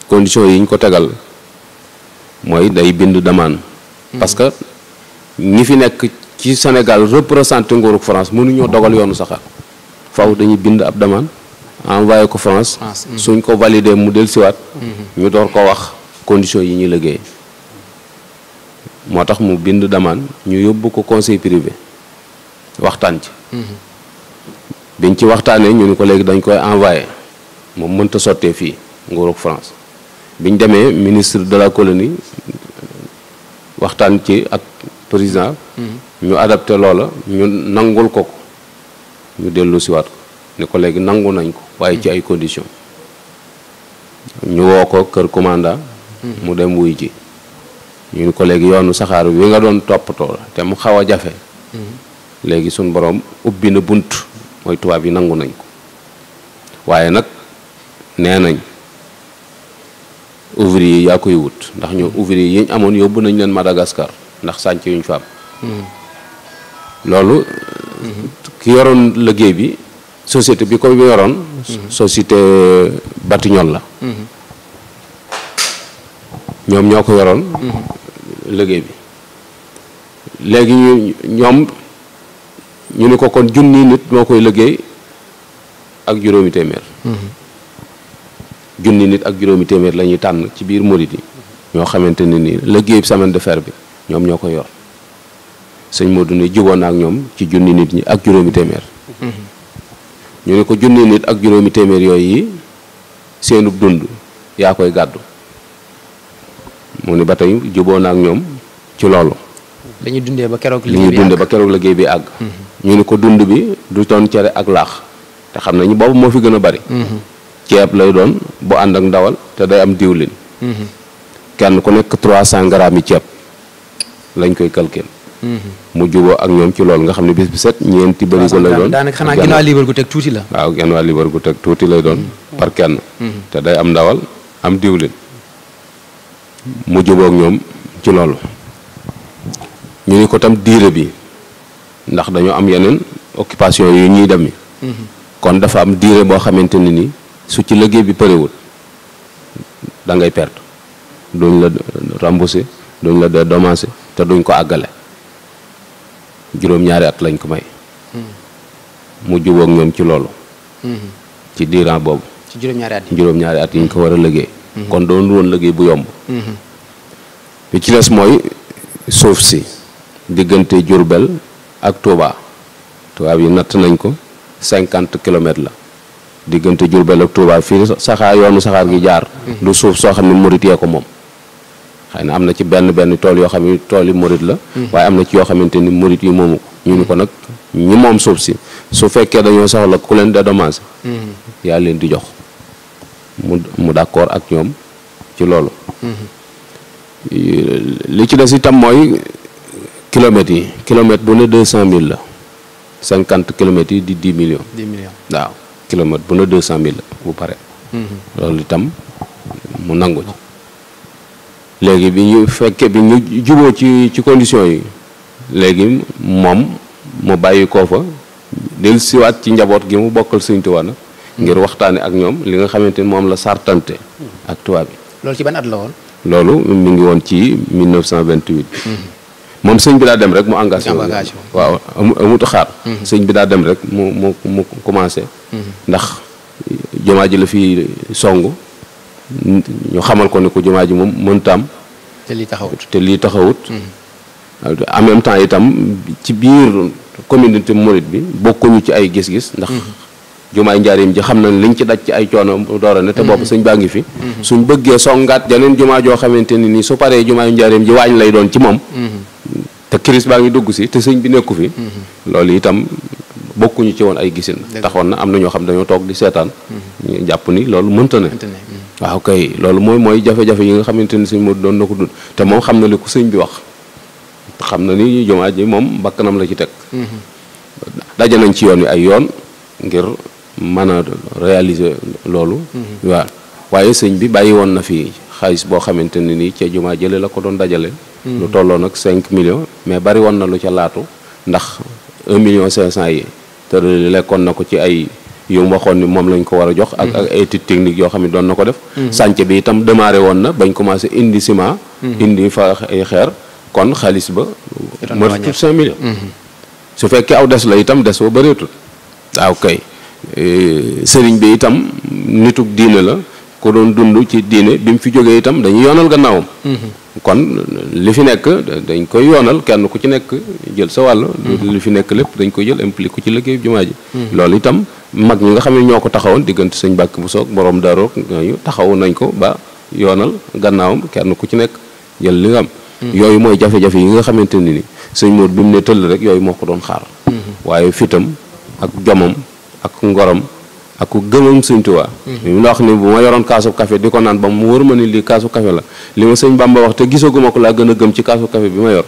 condition yi ñu ko tegal mooy day bind demande parce que ñi fi nekk ci Sénégal représenté nguurug France mënuñoo dogal yoonu saxaar faw dañuy bind ab demande envoyé ko France hmm. suñ ko valider mu del wat hmm, hmm. ñu door ko wax condition yi ñi liggéey motax mu bind daman ñu yobbu ko conseil privé waxtan ci biñ ci waxtane ñu ko légui dañ koy envoyé moom mënta sorté fi ngorok France biñ démé ministre de la colonie waxtan ci ak président ñu adapté loola ñu nangul ko ñu delu ci wat ko ne ko léegi nangu nañ ko waaye ci ay conditions ñu woo ko kër commanda mu dem wuy ji ñu ni ko léegi yoonu saxaar wi nga doon toppatoo te mu xaw a jafe léegi suñ boroom ubbi na bunt mooy tubaab yi nangu nañ ko waaye nag nee nañ ouvrier yi yaa koy wut ndax ñu ouvri yi ñu amoon yóbbu nañ leen Madagascar ndax sànc yuñ fa am hmm. loolu ki yoroon liggéey bi société bi ko yoroon. société Batignolles la. ñoom ñoo ko yoroon. liggéey bi léegi ñu ñoom ñu ne ko kon junni nit moo koy liggéey ak juróomi téeméer. junni nit ak juróomi téeméer la tànn ci biir murid yi ñoo xamante ni nii liggéey bi semaine de fer bi ñoom ñoo ko yor sëñ Modou ne jiwoon ak ñoom ci junni nit ñi ak juróomi téeméer. ñu ne ko junni nit ak juróomi téeméer yi seenub dund yaa koy gàddu mu ne ba tey juboo ak ñoom ci loolu lañu dundee ba keroog liggéey bi dundee ba keroog liggéey bi àgg mhm. ñu ne ko dund bi du doon cere ak laax te xam nañu boobu moo fi gën a bari mhm. ceeb lay doon bu ànd ak ndawal te day am diwlin mhm. kenn ku nekk 300 grammes yi ceeb lañ koy calcul mu juboo ak ñom ci lool nga xamni bis bi set bari ko la doon naka xana ginaa liibar gu tek tuti la waaw ginaa liibar gu tek tuti lay doon mm-hmm. par kenn mm-hmm. te day am ndawal am diwlin mu juboo ak ñom ci lool ñu ko tam diire bi ndax dañu am yenen occupation yu ñi demi mm-hmm. kon dafa am diire bo xamanteni ni su ci liggéey bi wut da ngay perte duñ la rembourser duñ la dédommager te duñ ko agalé juróom-ñaari at lañ ko may. mu jubóog ñoom ci loolu. ci diiran boobu. ci juróom-ñaari at yi juróom at yi ñu ko war a liggéey. Mhm. kon doon woon liggéey bu yomb. Mhm. bi ci des mooy suuf si diggante Jurbel ak Touba tubaab yi natt nañ ko cinquante kilomètres la diggante Jurbel ak Touba fii saxaar yoonu saxaar gi jaar. Mhm. du suuf soo xam ne murit yee ko moom. xayna amna ci benn benn tool yo xamni ne tool yi murit la hmm. waye amna ci yo xamanteni ni yi moomu ñu ni ko nak ñi mom suuf ci su fekke dañu soxla ku len leen dédommage hmm. ya len di jox mu mu d'accord ak ñom ci loolu hmm. li ci dess itam moy kilomètre yi kilomètre bu ne 200000 la 50 kilomètres di 10 millions 10 millions waaw kilomètre bu ne 200000 cent mille la bu pare loolu itam mu nangu ci léegi bi ñu fekkee bi ñu juboo ci ci condition yi léegi moom mu bàyyi koo fa del siwaat ci njaboot gi mu bokkal Sëñ Tuubaa nag ngir waxtaane ak ñoom li nga xamante ni moom la sartante ak tubaab bi loolu ci ban la woon loolu mi ngi woon ci 1928 moom sëñ bi daa dem rek mu engagé waaw amutu xaar sëñ bi daa dem rek mu mu mu commencé ndax jumaa ji la fi song ñu xamal ko ne ko jumaa ji moom mënut am. te lii taxawut te lii taxawut. Mm-hmm. en même temps itam ci biir communauté mouride bi bokkuñu ci ay gis-gis ndax. Mm-hmm. jumaay njaarim ji xam na liñ ci daj ci ay coono doora ne te mm-hmm. boobu suñ baa ngi fi suñ bëggee songaat janeen jumaa joo xamante ni su paree jumaa njaarim ji waañ lay doon ci moom te kiris baa ngi dugg si te sëñ bi nekku fi loolu itam bokkuñu ci woon ay gisin taxoon na am na ñoo xam dañoo toog di seetaan jàpp ni loolu mënta ne waaw kay loolu mooy mooy jafe-jafe yi nga xamante ni sëñ Modou doon na ko dul te moom xam na li ko sëñ bi wax xam na ni jumaa ji moom bakkanam la ci teg mhm. daje nañ ci yoon wi ay yoon ngir mën a réaliser loolu mhm. waaw waaye sëñ bi bàyyi woon na fi xaalis boo xamante ne nii ca jumaa jële la ko doon dajale mhm. lu tolloo nag cinq million mais bari woon na lu ca laatu ndax un million cinq cent yi te lekkoon na ko ci ay yu mu waxoon ni moom lañ ko war a jox. ak mm-hmm. ak étude technique yoo xam ne doon na ko def. Mm-hmm. sànce bi itam démarré woon na bañ commencé indi ciment. Mm-hmm. indi fa ay xeer kon xaalis ba. moo tax tout 5 millions. su fekkee aw des la itam des boo bëreetul. waaw kay eh, sëriñ bi itam nitug diine la ko doon dund ci diine bi mu fi jógee itam dañuy yoonal gannaawam. kon li fi nek dañ ko yonal kenn ku ci nek jël sa wàll li fi nek lepp dañ ko jël impliqué ci liggéey jumaa ji mm-hmm. loolu itam mag ñi nga xamni ñoko taxawon digënt señ diggante bu sok borom daro yooyu taxawu nañ ko ba yonal gannaawum kenn ku ci nek jël li nga am mm-hmm. yooyu mooy jafé jafe yi nga xamanteni ni señ mod bimu ne teul rek yooyu moko doon xaar mm-hmm. waye fitam ak jomam ak ngorom Aku ku gëmam sëñ mm -hmm. wax ni bu ma yoron kaasu café di ko naan ba mu wër ma ni li kaasu café la li ma señ bamba wax te gisaguma ko la gëna gëm ci kaasu café bi ma yor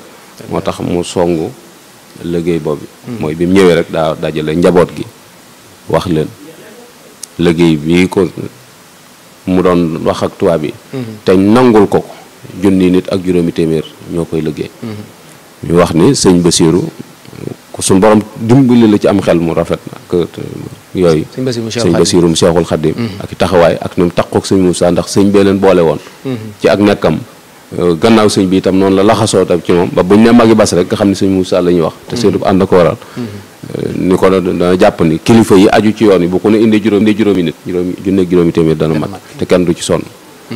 motax mu songu liggéey boobu moy mhm. bi mu ñëwé rek da dajale njabot gi wax leen liggey bi ko mu don wax ak tubaab bi mhm. te nangul ko ko nit ak juroomi témèr ñokoy liggey mhm. ñu wax ni señ basiru ku suñ borom dimbali la ci am xel mu rafet ak euh, yooyu sëñ basirum seexul xadim mm-hmm. ak taxawaay ak ni mu takkook sëñ Moussa ndax sëñ bee leen boole woon mm-hmm. ci ak nekkam euh, gannaaw sëñ bi itam noonu la laxasoo tam ci moom ba buñ ne magi bas rek nga xam ne sëñ Moussa la ñuy wax te mm-hmm. seenub ànd ko waral euh, ni ko dana jàpp ni kilifa yi aju ci yoon yi bu ko ne indee juróom indee juróomi nit juróomi junne juróomi tamit dana mat te kenn du ci sonn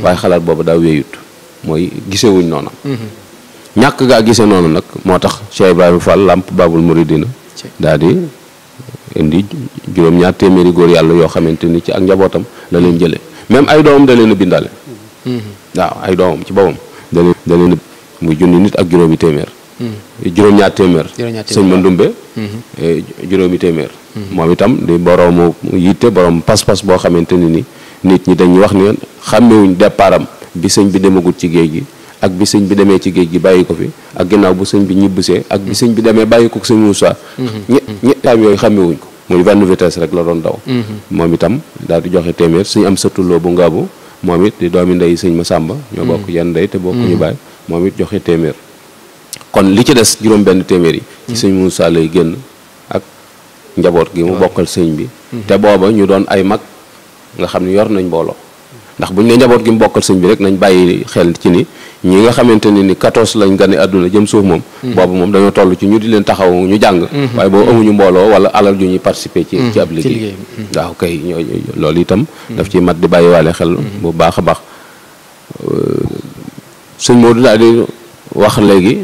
waaye xalaat boobu daa wéeyut mooy gisewuñ noona ñàkk gaa gisee noonu nag moo tax Cheikh Ibrahima Fall làmp Babul Mouridina daal di indi juróom-ñaar téeméeri góor yàlla yoo xamante ni ci ak njabootam la leen jëlee même ay doomam da leen a bindaale mm-hmm. waaw ay doomam ci boppam da leen muy junni nit ak juróomi téeméer mm-hmm. juróom-ñaar téeméer sëñ Mandoumbe mm-hmm. eh, juróomi téeméer moom itam di boroomu yitte borom pas-pas boo xamante ni ni nit ñi dañuy wax ni xàmmewuñ départam bi sëñ bi demagut ci géej gi ak bi sëñ bi demee ci géej gi bàyyi ko fi ak ginnaaw bu sëñ bi ñibbisee ak bi sëñ bi demee bàyyi ko sëñ Moussa ñe mm-hmm. ñettaam yooyu xàmmewuñ ko muy benn vitesse rek la doon daw mm-hmm. moom itam daal di joxe téeméer suñu am satuloo bu ngaabu moom it di doomi ndey sëñ Masamba ñoo bokk mm-hmm. yenn ndey te bokkuñu baay moom it joxe téeméer kon li ci des juróom benn téeméer yi lay génn ak njaboot gi mu bokkal sëñ bi te booba ñu doon ay mag nga xam ne yor nañ mbooloo ndax buñ ne njaboot gi mbokal bokkal bi rek nañ bayyi xel ci ni ñi nga xamanteni ni 14 lañ gane aduna jëm suuf mom hmm. bobu mom dañu tollu ci ñu di leen taxaw ñu jàng hmm. waaye boo amuñu mbolo wala alal ju ñi participer ci hmm. ci ab liggéey waaw kay lool itam daf ci mat di bayyi walé xel bu baaxa baax euh, sëñ Modou daal di wax léegi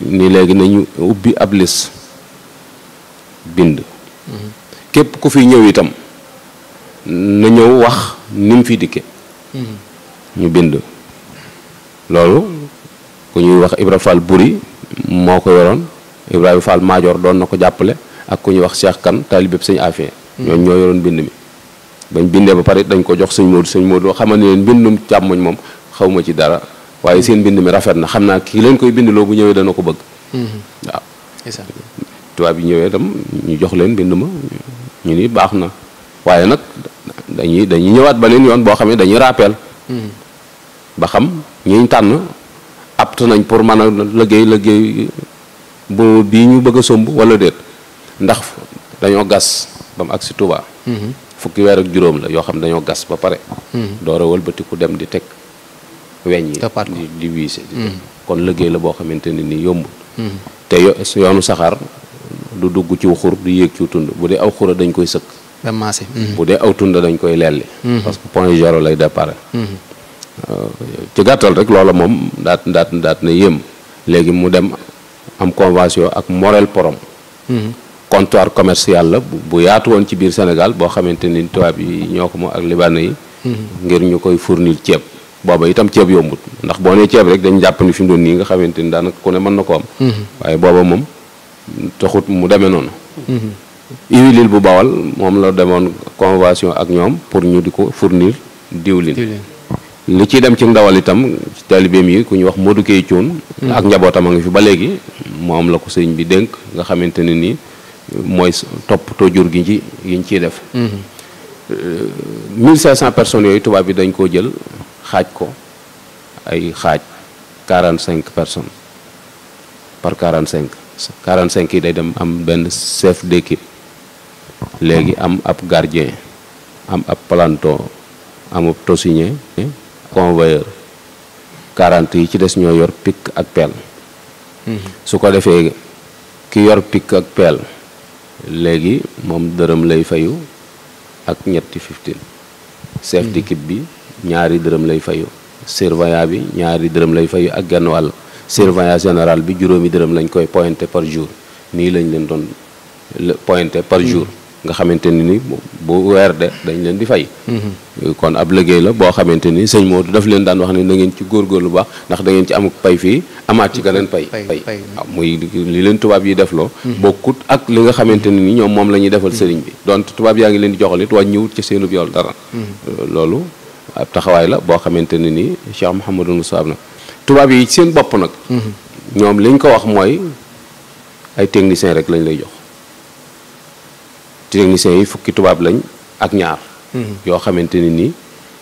ni léegi nañu ubbi ab lis bind kep ku fi ñew itam na ñëw wax ni mu fi dikke hmm. ñu bind loolu ku ñuy wax Ibra Fall Buri moo ko yoroon Ibrahima Fall Maajoor doon na ko jàppale ak ku ñuy wax Cheikh Kan taalibeeb sëñ Afia hmm. ñooñu ñoo yoroon bind mi bañ bindee ba pare dañ ko jox sëñ Moodu sëñ Moodu xamal ne leen mbindum càmmoñ moom xaw ma ci dara waaye seen bind mi rafet na xam naa ki leen koy bindloo bu ñëwee dana ko bëgg hmm. waaw tubaab yi ñëwee tam ñu jox leen bind ma ñu ni baax na waye nak dañuy dañuy ñëwaat beneen yoon bo xamé dañuy rappel hmm ba xam ñiñ tànn apt nañ pour mën liggéey liggéey bo bi ñu bëgg somb wala déet ndax dañoo gas bam mu agsi Touba hmm. fukki wër ak juroom la yo xam dañoo gas ba paré hmm pare door a wëlbatiku dem di tek wéñ yi di di wiise hmm. kon liggéey la boo xamante ne ni yombul hmm. te yoonu saxar du dugg ci xur du yéeg ci tund bu dé aw xura dañ koy sëkk ba maase. Mhm. bu dee aw tunda dañ koy lelli. Mhm. parce que point zéro lay départ. Mhm. Euh, ci gàttal rek loola moom daat ndaat daat na yëm léegi mu dem am convention ak Morel Porom. comptoir commercial la bu yaatu woon ci biir Sénégal boo xamante ni tubaab yi ñoo ko moom ak libaana yi. ngir ñu koy fournir ceeb. booba itam ceeb yombut ndax boo nee ceeb rek dañ jàpp ni fi mu doon nii nga xamante ni daanaka ku ne mën na ko am. waaye booba moom taxut mu deme noonu. iwilil bu bawal mom la demoon convention ak ñom pour ñu diko fournir diwlin li ci dem ci ndawal itam talibeem yi ku ñu wax Modou Kay Thioun mm. ak njabotam nga fi ba léegi mom la ko sëñ bi denk nga xamanteni ni moy top to jur gi ci yiñ ci def 1500 mm-hmm. euh, personnes yoy tuba bi dañ ko jël xaj ko ay xaj 45 personnes par 45 45 yi day dem am ben chef d'équipe léegi am ab gardien am ab planton amub tosiñe convoyeur quarante yi ci des ñoo yor pik ak peel su ko defee ki yor pik ak peel léegi moom dërëm lay fayu ak ñetti fifteen chef d'équipe bi ñaari dërëm lay fayu surveillant bi ñaari dërëm lay fayu ak genn wàll surveillant général bi juróomi dërëm lañ koy pointé par jour nii lañ leen doon pointé par jour nga xamanteni ni bu wer de dañ leen di fay. Mm-hmm. kon ab liggéey la bo xamanteni señ sëñ Modou daf leen daan wax ni na ngeen ci gor gor lu bax ndax da ngeen ci amuk pay fi amaat ci ganen pay. pay ah, muy li leen tubab yi def lo mm-hmm. bokut ak li nga xamanteni ni ñom mom lañuy defal mm-hmm. señ bi don tubab yaa ngi leen di joxal it wàññiwut ci seenub yool dara. Euh, lolu ab taxaway la bo xamanteni ni Cheikh Mouhamadou Moussa nak tubab yi seen bop nak ñom liñ ko wax moy ay technicien rek lañ lay jox. techniciens yi fukki tubaab lañ ak ñaar. Hmm. yoo xamante ne ni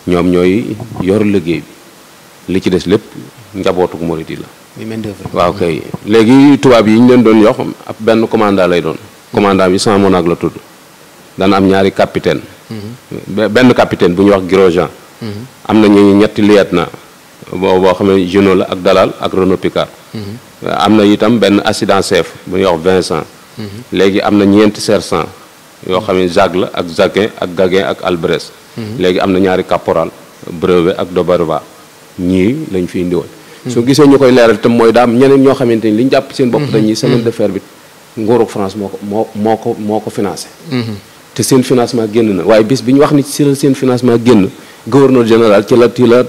ñoom ñooy yor liggéey bi li ci des lépp njabootu murid yi la. muy main waaw kay léegi tubaab yi ñu leen doon yox ab benn commandant lay doon. Hmm. commandant bi sama monaag la tudd. dana am ñaari capitaine. Hmm. benn capitaine bu ñuy wax Grosjean. am na ñu ñetti lieutenant boo boo xam ne Junot la ak Dalal ak Renault Picard. am na itam benn assistant chef bu ñuy wax Vincent. léegi am na ñeenti sergent. yoo xam ne Jacques la ak Jacquin ak Gaguin ak Albres mhm. léegi am na ñaari caporal Brevet ak Dobarva ñii lañ fi indi woon mhm. su gisee ñu koy leeral itam mooy daam ñeneen ñoo xamante ni li ñu jàpp seen bopp mhm. dañuy semaine de fer bi nguurug France moo ko moo moo ko moo ko financé te seen financement génn na waaye bis bi ñu wax ni si seen financement génn gouverneur général ci la ci la euh,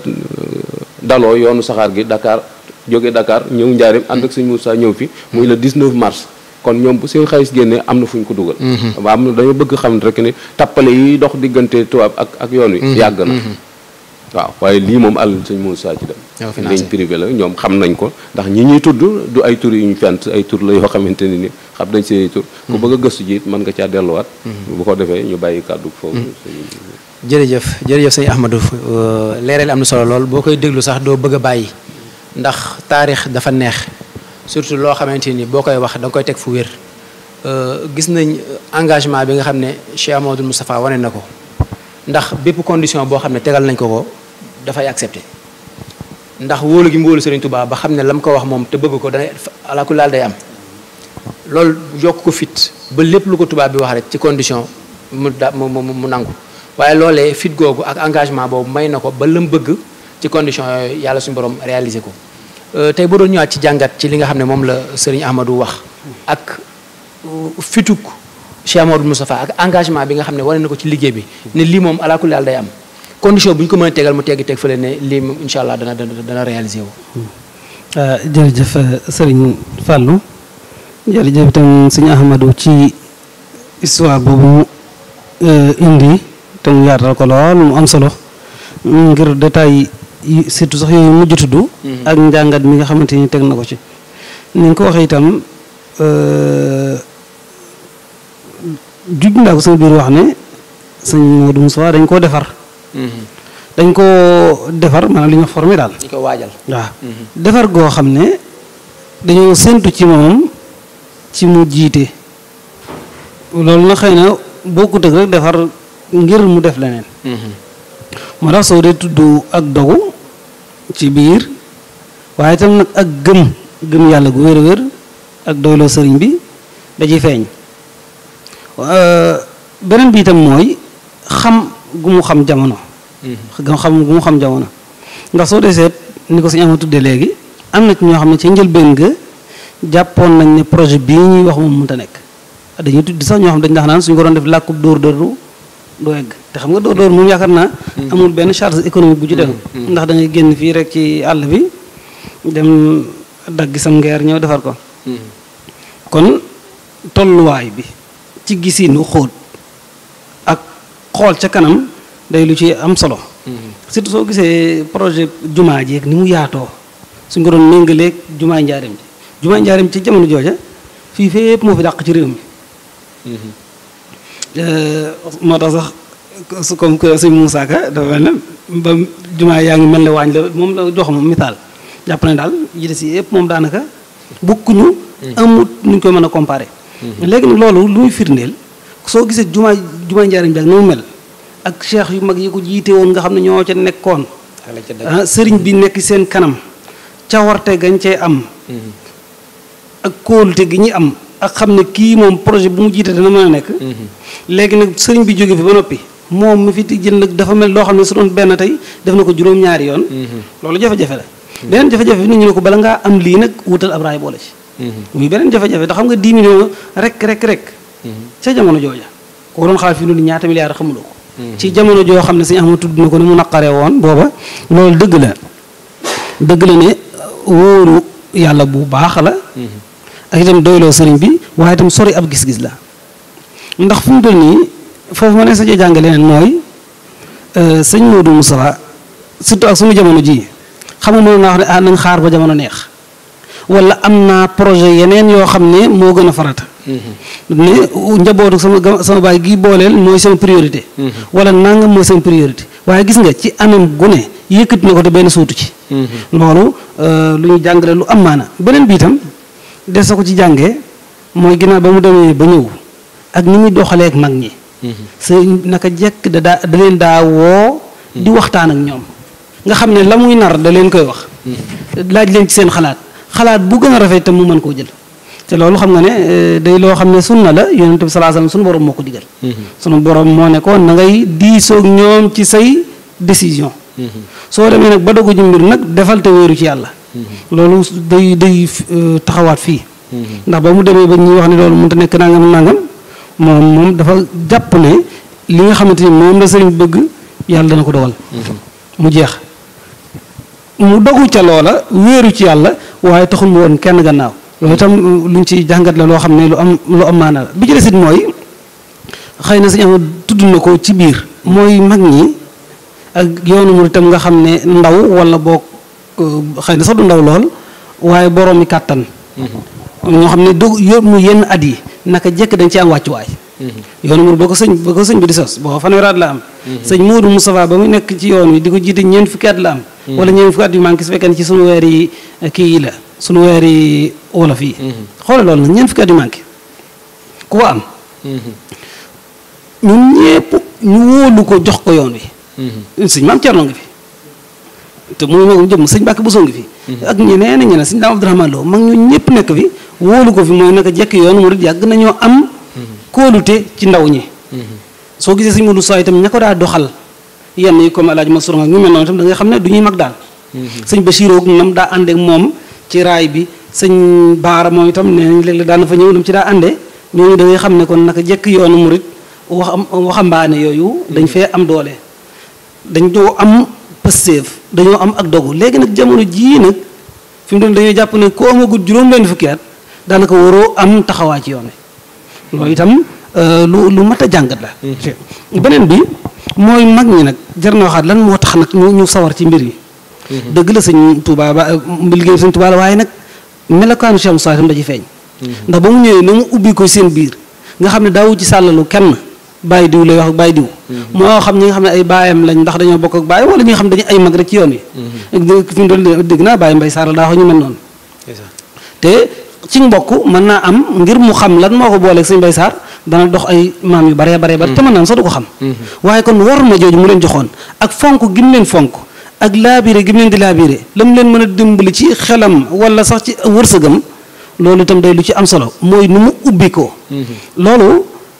daloo yoonu saxaar gi Dakar jóge Dakar ñëw Njaareem ànd ak sëñ Moussa ñëw fi muy le 19 mars kon ñom bu seen xaliss génnee amna fuñ ko duggal wa mhm. am dañu bëgg xam rek ni tapalé yi dox digënté tubaab ak ak yoon wi mhm. yag na mhm. waaw waye li mom al seigne Moussa ci dem liñ privé la ñom xam nañ ko ndax ñi ñi tuddu du ay tour yu ñu fent ay tur la yo xamanteni ni xam dañ seen tour ku bëgg a gëstu jiit man nga déllu wat bu ko défé ñu bàyyi kàddu foofu jërëjëf jërëjëf seigne Ahmadou euh, leeral am na solo lool bokay déglu sax do bëgg bayyi ndax tarikh dafa neex surtout lo xamanteni bokay wax dang koy tek fu wér euh gis nañ engagement bi nga xamne Cheikh Amadou mustapha woné nako ndax bép condition bo xamne tegal nañ ko ko da fay accepter ndax wolu gi mbolu Serigne Touba ba xamne lam ko wax mom te bëgg ko da ala alaku lal day am lol jokk ko fit ba lépp lu ko touba bi wax rek ci condition mu mu mu nangu waye lolé fit gogou ak engagement bobu may nako ba lam bëgg ci condition yàlla suñu borom réaliser ko Euh, tey boo doon ñëwaat ci jàngat ci li nga xam ne moom la sëriñ Ahmadou wax ak euh, fituk Cheikh Amadou Moustapha ak engagement bi nga xam ne wane na ko ci liggéey bi ne lii moom alaa kulli haal day am condition bu ñu ko mën tegal mu teggi teg fële ne lii moom incha allah dana dana dana réaliser wu. Hmm. Euh, jërëjëf sëriñ Fallou jërëjëf tam sëriñ Ahmadou ci histoire boobu indi te mu yaatal ko lool mu am solo ngir détail surtout sax yooyu mujj tudd mhm. ak njàngat mi nga xamante ni teg na ko ci ni nga ko waxee itam euh, juj ndaa ko sama biir wax ne sëñ Modou Moussa dañ koo defar mhm. dañ koo defar maanaam li nga formé daal dañ ko waajal waaw mhm. defar goo xam ne dañoo séntu ci moom ci mu jiite loolu na xëy na bokkut ak defar ngir mu def leneen moo tax soo dee tudd ak dogu ci biir waaye itam nag ak gëm gëm yàlla gu wér wér ak doyloo sëriñ bi da ciy feeñ euh, beneen bi itam mooy xam gu mu xam jamono mm-hmm. xam gu mu xam jamono ndax soo dee seet ni ko suñu ama tuddee léegi am na ci ñoo xam ne ci njëlbeen ga jàppoon nañ ne projet bii ñuy wax moom mënta nekk dañuy tudd sax ñoo xam dañ ndax naan suñu ko doon def làkkub dóor dóoru doo egg te xam nga doo dóor moom yaakaar naa hmm. amul benn charge économique bu ci def hmm. hmm. ndax da génn fii rek ci àll bi dem dagg sam ngeer ñëw defar ko kon tolluwaay bi ci gisinu xóot ak xool ca kanam day lu ci am solo surtout soo gisee projet jumaa ji ni mu yaatoo suñ ko doon méngaleeg jumaay njaarim ji jumaay njaarim ci jamono jooja fii fépp moo fi dàq ci réew mi Eh, moo tax sax su comme que sëñ Moussa Ka dafa ne ba juma yaa ngi mel ne la mom la jox mom misal japp na dal yi des yëpp moom daanaka bukkuñu hmm. amut nuñ koy mën a comparé hmm. léegi lolu loolu lu muy firndeel soo juma jumaa jumaa bi ak ni mel ak cheikh yu mag yi ko jité won nga xamna ñoo ca nekkon ah, serigne bi nekk seen kanam ca cawarte gañ cee am hmm. ak kóolute gi ñi am ak xam ne kii moom projet bi mu jiite dana mën a nekk. léegi nag sëriñ bi jóge fi ba noppi moom mu fi jël nag dafa mel loo xam ne su doon benn tey def na ko juróom-ñaari yoon. loolu jafe-jafe la. beneen jafe-jafe bi ñu ne ko bala ngaa am lii nag wutal ab raay boole ci. beneen jafe xam nga 10 millions rek rek rek. ca jamono jooja. koo doon xaal fi mu ne ñaata milliards xamuloo ko. ci jamono joo xam ne suñu xam tudd na ko ni mu naqaree woon booba loolu dëgg la dëgg la ne wóoru yàlla bu baax la. ak itam doyloo sëriñ bi waaye itam sori ab gis-gis la ndax fu mu dul nii foofu ma ne sa jàng leneen mooy sëñ Maodo Moussa surtout ak suñu jamono ji xam nga mënoon naa wax ne ah nañ xaar ba jamono neex wala am naa projet yeneen yoo xam ne moo gën a farata. ne njabootu sama sama baay gii booleel mooy seen priorité. wala nangam mooy seen priorité waaye gis nga ci anam gu ne yëkkati na ko te benn suutu ci. loolu lu ñu jàngale lu am maana beneen bi itam. Desa ko ci jangé moy gina ba mu demee ba ñew ak ni muy doxalee ak mag ñi. Mhm. sëriñ naka jek da da len da wo mhm. di waxtaan ak ñom nga xamné lamuy nar da len koy wax. Mhm. laaj len ci seen xalaat xalaat bu gëna rafet te mu mën ko jël. te lolu xam nga né e, day lo xamné sunna la sallallahu alayhi wasallam sunu borom moko digal. sunu borom mo ne ko na ngay ak ñom ci say décision. so demee nak ba dogu ji mbir defal te wëru ci yalla Mm-hmm. loolu day day euh, taxawaat fii. Mm-hmm. ndax ba mu demee ba ñuy wax ne loolu mënut a nekk naa nangam nangam moom moom dafa jàpp ne li nga xamante ni moom la sëriñ bëgg yàlla dana ko dogal. Mm-hmm. mu jeex mu dogu ca loola wéeru ci yàlla waaye taxul mu woon kenn gannaaw loolu itam euh, luñ ci jàngat la loo xam ne lu am lu am maana la bi ci desit mooy xëy na si am tudd na ko ci biir. mooy mag ñi ak yoonu mu itam nga xam ne ndaw wala boog. xëy na sax du ndaw lool waaye boroomi kàttan ñoo xam ne du mu yenn at yi naka jekk dañ ci am wàccuwaay yoonu mu boo ko sëñ boo sëñ bi di sos boo fanweeri at la am sëñ Muudu Moustapha ba mu nekk ci yoon wi di ko jiite ñeent fukki at la am wala ñeen fukki at yu manqué su fekkee ci sunu weer yi kii yi la sunu weer yi wolof yi xoole loolu nag fukki at yu manqué ku ko am ñun ñëpp ñu wóolu ko jox ko yoon wi sëñ maam Cerno nga fi te mu magum jëm sëñ Mbàkke Buso ngi fi mhm. ak ñeneen ñeneen sëñ Daam Abdourahmane Lo mag ñooñu ñëpp nekk fi wóolu ko fi mooy naka jekk yoonu murid mhm. ci ndaw ñi mhm. soo gisee sëñ Modou Sow itam ña ko daa doxal yenn yi comme Alaaji Mansour ñu mel noonu itam ne du ñuy mag daal sëñ Bachir ak nam daa àndeek moom bi sëñ Baara moom itam nee nañ léeg-léeg daan na fa ñëw nam ci daa da ngay xam ne kon naka jekk yoonu murid wax waxambaane yooyu dañ fee am doole dañ doo am pësteef dañoo am ak dogu léegi nag jamono jii nag fi mu doon dañoo jàpp ne koo amagut juróom-benn fukki at daanaka waroo am taxawaa ci yoon wi loolu itam lu lu mat a jàngat la. beneen bi mooy mag ñi nag jar na waxaat lan moo tax nag ñu sawar ci mbir yi. dëgg la sëñ Touba ba liggéey sëñ Touba la waaye nag melokaanu Cheikh Moussa itam da ci feeñ. ndax ba mu ñëwee na mu ubbi ko seen biir nga xam ne daawu ci sàllalu kenn. bàyyi diw lay wax ak bàyyi diw mm-hmm. moo xam ñi nga xam ne ay baayam lañ ndax dañoo bokk ak baay wala ñi nga xam ne dañu ay mag rek ci yoon yi mm-hmm. fi mu doon dégg bàyyi mbay saara daa wax ñu mel noonu te ci mbokk mën naa am ngir mu xam lan moo ko booleeg sañ mbay saar dana dox ay maam yu baree baree bare mm-hmm. te mën naa am sax du ko xam waaye kon war ma jooju mu leen joxoon ak fonk gi mu leen fonk ak laabiré gi mu leen di laabiré la mu leen mën a dimbali ci xelam wala sax ci wërsëgam loolu itam day lu ci am solo mooy nu ubbi ko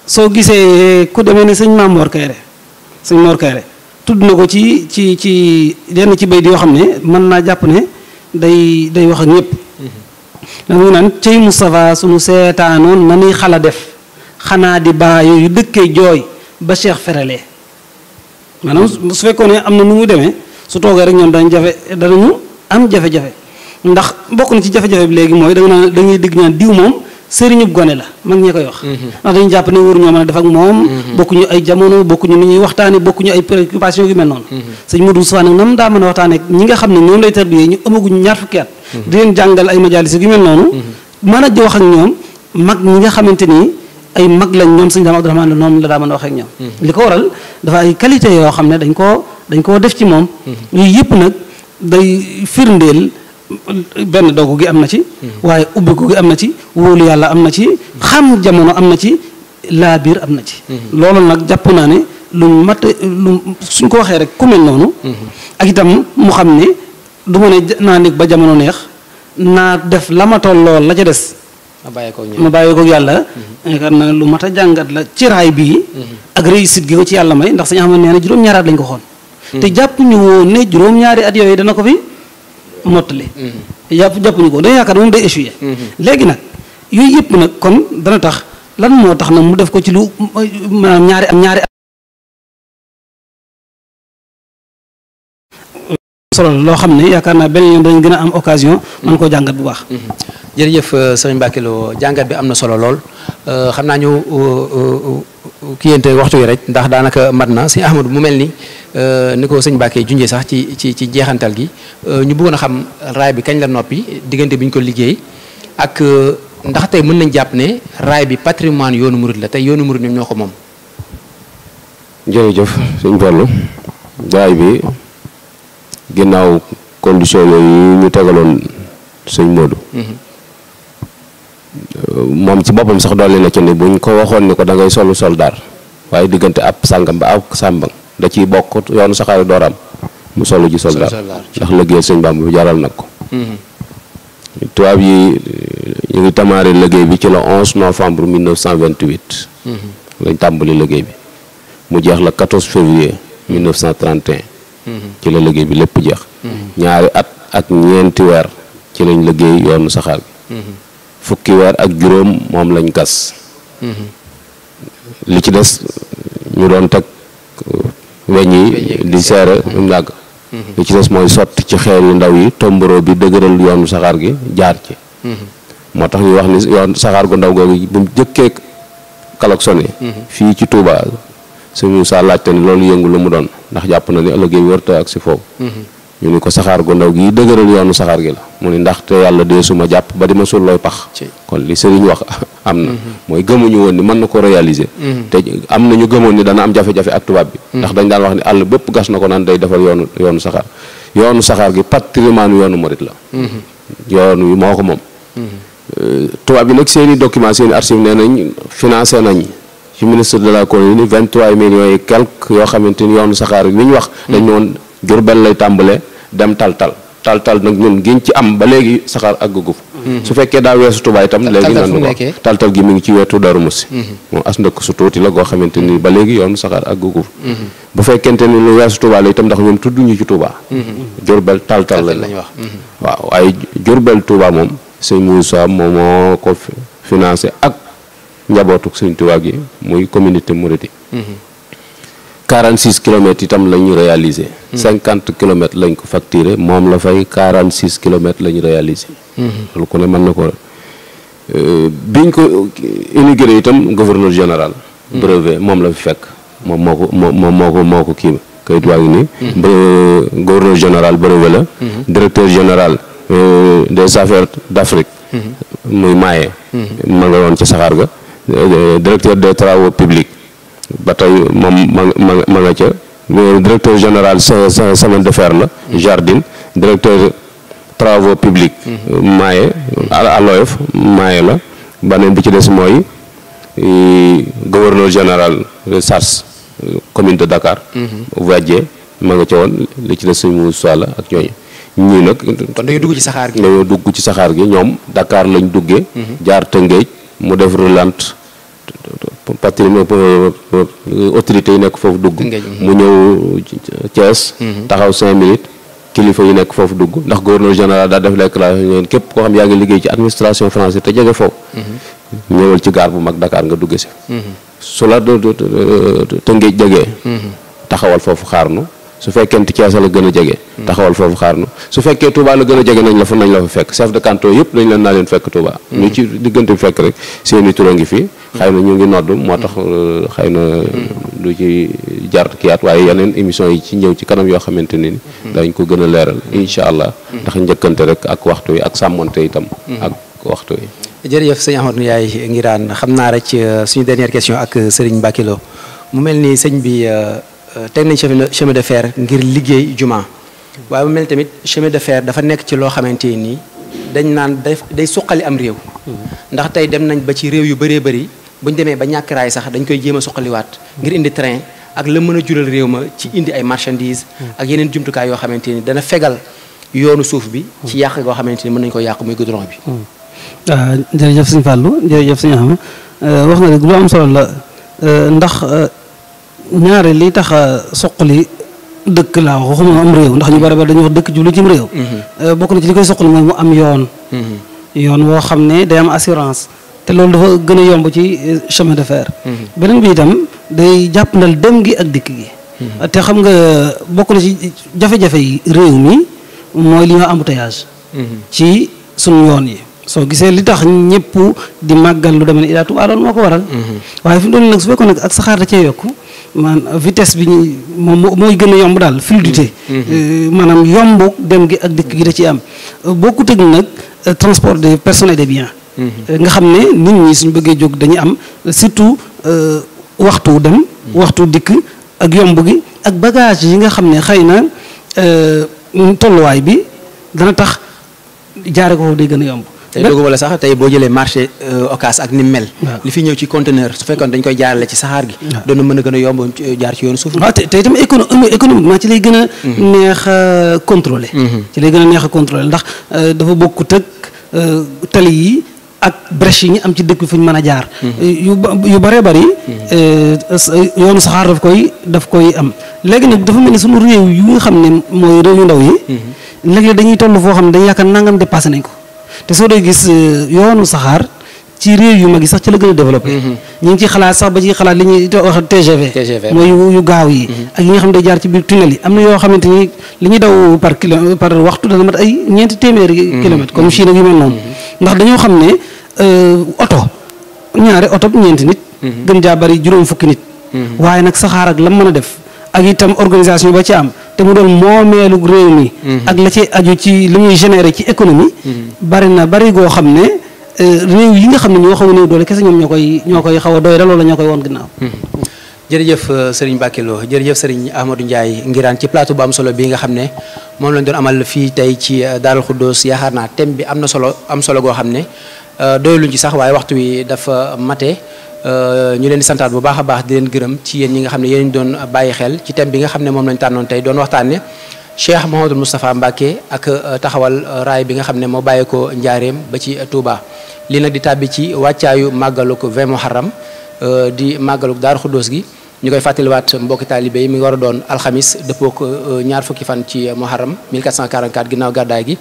soo gisee eh, ku demee ne sëñ Maam Mor Kayre sëñ Mor Kayre tudd na ko ci ci ci lenn ci bay di yoo xam ne man naa jàpp ne day day wax ak ñëpp ndax mu naan cey Moustapha suñu seetaanoon na nuy xala def xanaa di baa yooyu dëkkee jooy ba Cheikh ferale maanaam su fekkoon ne am na nu mu demee su toogee rek ñoom daan jafe mu am jafe-jafe ndax bokk na ci jafe-jafe bi léegi mooy da nga naan dañuy digg ñaan diw moom sëriñu gone la mag ñee koy wax ndax dañu jàpp ne wóoru ñoo mën a def moom bokkuñu ay jamono bokkuñu ni ñuy waxtaane bokkuñu ay préoccupation yu mel noonu sëñ Modou Moussa nag nam daa mën a waxtaane ñi nga xam ne ñoom mën a di wax ak ñoom mag ñi nga xamante nii ay mag lañ ñoom sëñ Daam Abdourahmane la noonu la daa mën a wax ak ñoom li ko waral dafa ay qualité yoo xam ne dañ koo dañ koo def ci moom yooyu yëpp nag day firndeel benn dogu gi am na ci waaye ubbiku gi am na ci wóolu yàlla am na ci xam jamono am na ci laa biir am na ci loolu nag jàpp naa ne lu mat lu ko waxee rek ku mel noonu ak mu xam ne du ma ne naa nekk ba jamono neex naa def la ma tolloo la ca des ma bàyyi ko ma bàyyi ko yàlla yaakaar lu mat a jàngat la ci raay bii ak réussite gi ko ci yàlla may ndax sañu xam ne nee na juróom-ñaari at lañ ko xoon te jàpp ñu woon ne juróom-ñaari at yooyu dana ko fi mottali. Mm-hmm. yàpp jàppuñu ko dañuy yaakaar moom day échoué. Mm-hmm. léegi nag yooyu yëpp nag kon dana tax lan moo tax nag mu def ko ci lu maanaam ñaari ñaari. solo loo xam ne yaakaar naa beneen yoon dañ gën a am occasion man koo jàngat bu baax mhm. jërëjëf euh, sëriñ Mbacké Lo jàngat bi am na solo lool euh, xam naa ñu euh, kiyante waxtu yi rek ndax daanaka mat na sëñ Ahmadou mu mel ni ni ko sëñ Mbacké junjee sax ci ci ci jeexantal gi ñu buggoon a xam raay bi kañ la noppi diggante bi ñu ko liggéey ak ndax tey mën nañ jàpp ne raay bi patrimoine yoonu murid la tey yoonu murid ñoom ñoo ko moom jërëjëf sëñ Fallou raay bi ginnaaw condition yooyu ñu tegaloon sëñ Modou. Mhm. Euh, moom ci boppam sax dolli na ci ne buñ ko waxoon ni ko da ngay solu soldaar waaye diggante ab sàngam ba ak sàmbang da ciy bokk yoonu saxaaru dooram mu solu ji soldaar ndax liggéey sëñ Bamba bu jaral nag ko. Mhm. tubaab yi euh, ñu ngi tamaare liggéey bi ci le 11 novembre 1928. Mhm. lañ tàmbali liggéey bi mu jeex la 14 février ci la liggéey bi lepp jeex ñaari at ak ñeenti weer ci lañ liggéey yoon saxal fukki weer ak juroom mom lañ gas li ci dess ñu doon teg wéñi di séré ñu dag li ci dess moy sot ci xéer yu ndaw yi tomboro bi dëgëral yoon saxar gi jaar ci motax ñu wax ni yoon saxar gu ndaw googu bu jëkke kalak sone fii ci Touba suñu sa laajte ne loolu yëngu lu mu doon ndax jàpp na ni ëllëgee wërta ak si foofu ñu ni ko saxaar gu ndaw gi dëgëral yoonu saxaar gi la mu ni ndaxte yàlla dee suma jàpp ba di ma suul looy pax kon li sëriñ wax [laughs] am na mhm. mooy gëmuñu woon ni mën na ko réaliser mhm. te am na ñu gëmoon ni dana am jafe-jafe ak tubaab bi mhm. ndax dañ daan wax ni àll bépp gas na ko nan day defal yoonu yoonu saxaar yoonu saxaar gi patrimoine yoonu murit la yoon moo ko moom euh, tubaab bi nag seeni i document seen i archive nee nañ financé nañ ci ministre de la colonie 23 millions et quelques yoo xamante yoo xam ne saxaar yi ñu wax. Mm. dañ ne woon Jurbel lay tàmbale dem Taltal Taltal nag ñun giñ ci am ba léegi saxaar àggagu fa. Mm-hmm. su fekkee daa weesu Touba itam. léegi nan ko mu ngi ci wetu Darou Moussi. moom mm-hmm. as ndëkk su tuuti la goo mm-hmm. ba léegi yoonu saxaar àggagu fa. bu fekkente ni lu weesu Touba la itam ndax ñoom tudd ñu ci Touba. Jurbel Taltal lañ wax waaw waaye Jurbel Touba moom sëñ Moussa moom moo ko financé ak. njabootu Sëñ Tuubaa gi muy communauté mouride 46 kilomètres itam lañu ñu réalisé. 50 kilomètres lañ ko facturé moom la fay 46 kilomètres la ñu réalisé. Mm-hmm. loolu ku ne mën na ko euh, biñ ko inauguré itam gouverneur général. Mm-hmm. brevet moom la fekk moom moo moo ko moo ko kii kayit mm-hmm. euh, général brevet la. directeur général euh, des affaires d' Afrique. muy maaye. ma nga woon ca saxaar ga. Euh, directeur de travaux publics ba tey moom ma ma ma nga ca directeur général semaine de fer la jardin directeur travaux publics mm-hmm. maaye aloyof maaye la baneen bi ci des mooy gouverneur général SARS commune de Dakar mm-hmm. wàjjee ma nga ca woon li ci des suñu soxla ak ñooñu ñii nag kon dañoo dugg ci saxaar gi dugg ci saxaar gi ñoom Dakar lañ duggee mm-hmm. jaar Tëngéej mu def roulante patrimoine autorité yu nekk foofu dugg mhm. mu ñëw Thiès mhm. taxaw cinq minutes kilifa yi nekk foofu dugg ndax gouverneur général daal def déclaration ñeen képp koo xam yaa ngi liggéey ci administration française te jege foofu mhm. ñëwal ci gaar bu mag Dakar nga dugg si su la Tëngéej jegee taxawal foofu xaar su fekkente Thiès la gën a jege. taxawal foofu xaar na su fekkee Touba la gën a jege nañ la fa nañ la fa fekk chef de canton yëpp nañ leen naa leen fekk Touba. Hmm. ñu ci diggante bi fekk rek seen i tur a ngi fi. xëy na ñu ngi nodd moo tax euh, xëy na hmm. du ci jar kiyaat waaye yeneen émission yi ci njëw ci kanam yoo xamante ne ni. Hmm. dañ ko gën a leeral incha allah. ndax njëkkante rek ak waxtu yi ak sàmmante itam. ak waxtu yi. jërëjëf sëñ Ahmadou Ndiaye Nguirane xam naa rek euh, suñu dernière question ak euh, Serigne Mbacke Lo mu mel ni sëñ bi Euh, teg nañ chemin de fer ngir liggéey juma waaye mu mel tamit chemin de fer dafa nekk ci loo xamante nii dañ naan day suqali am réew hmm. ndax tey dem nañ ba ci réew yu bëree bëri bu ñu demee ba ñàkk raay sax dañ koy jéema a suqaliwaat ngir indi train ak la mën a jural réew ma ci indi ay marchandises hmm. ak yeneen jumtukaay yoo xamante ni dana fegal yoonu suuf bi hmm. ci yàq goo xamante ni mun nañ ko yàq muy goudron bi waaw ah, jërëjëf sëñ Fallou jërëjëf sëñ Ahmed euh, ñaare li tax a suqali dëkk laa waxuma am réew ndax ñu bari bari dañuy wax dëkk jublu ci réew. Mm-hmm. bokk na ci li koy suqali mooy mu am yoon. Mm-hmm. yoon woo xam ne day am assurance te loolu dafa gën a yomb ci eh, chemin de fer. Mm-hmm. beneen bi itam day jàppandal dem gi ak dikk gi. xam nga bokk na ci jafe yi réew mi mooy li ñuy embouteillage. ci sunu yoon yi. soo gisee li tax ñëpp di màggal lu demee ni Ila Touba loolu moo ko waral. waaye fi mu nag su fekkoon nag ak saxaar da cee yokku. maanaam vitesse bi ñuy moom mooy gën a yomb daal fluidité mm-hmm. euh, maanaam yomb dem gi ak dikk gi da ci am euh, boo ko ak nag euh, transport des personne et des biens mm-hmm. nga xam ne nit ñi suñu bëggee jóg dañuy am surtout waxtu dem mm-hmm. waxtu dikk ak yomb gi ak bagage yi nga xam ne xëy na tolluwaay bi dana tax jaare ko foofu day gën a yomb tey wala sax tey boo jëlee marché euh, Ocass ak ni mu mel li fi ñëw ci conteneur su fekkoon dañ koy jaarale ci saxaar gi doona mën a gën a yomb euh, jaar ci yoonu suuf waaw te tey tamit économiquement ci lay gën a mhm. neex a mhm. ci lay gën a neex a contrôler ndax euh, dafa bokkut ak tali yi ak brèche yi ñu am ci dëkk bi mën a jaar mhm. yu yu bëree bëri yoonu saxaar daf koy daf koy am léegi nag dafa mel ni suñu réew yu nga xam ne mooy réew yu ndaw yi léeg dañuy toll foo xam ne dañu yaakaar nangam dépassé nañ ko te soo dee gis euh, yoonu saxaar ci réew yu mag yi sax ci la gën a développé. Mm-hmm. ñu ngi ci xalaat sax ba ci xalaat li ñuy wax TGV. TGV mooy yu gaaw yi. Mm-hmm. ak yi nga xam ne day jaar ci biir tunnel yi am na yoo xamante ni li ñuy daw par kilo par waxtu dana mat ay ñeenti téeméeri. Mm-hmm. kilomètres comme Chine ak yu ndax dañoo xam ne euh, oto ñaari oto ñeenti nit. gën jaa bari juróom fukki nit. waaye nag saxaar ak lam mën a def. ak itam organisation ba ci am te mu doon moomeelu réew mi mm-hmm. ak la ci aju ci li ñuy générer ci économie mm-hmm. bari na bari goo xam ne euh, réew yi nga xam ne ñoo xaw a kese ñoom ñoo koy ñoo koy xaw a doy dal wala ñoo koy woon sëriñ Mbacke jërëjëf euh, sëriñ Ahmadou Ndiaye ngiraan ci plateau bu am solo bi nga xam ne moom lañ doon amal fii tey ci euh, Daarul Xuddoos yaakaar naa thème bi am na solo am solo goo xam ne doyluñ ci sax waaye waxtu wi dafa mate Euh, ñu leen di santaat bu baax a baax di leen gërëm ci yéen ñi nga xam ne yéen doon bàyyi xel ci thème bi nga xam ne moom lañ tànnoon tey doon waxtaanee Cheikh Mouhamadou Moustapha Mbacké ak euh, taxawal euh, raay bi nga xam ne moo bàyyeekoo Njaareem ba ci Touba. li nag di tàbbi ci wàccaayu màggaluk 20 Muharram di màggaluk Daaru Xuddoos gi ñu koy fàttaliwaat mbokki taalibe yi mi ngi war a doon alxamis dëppook ñaar fukki fan ci Muharram 1444 ginnaaw gàddaay gi.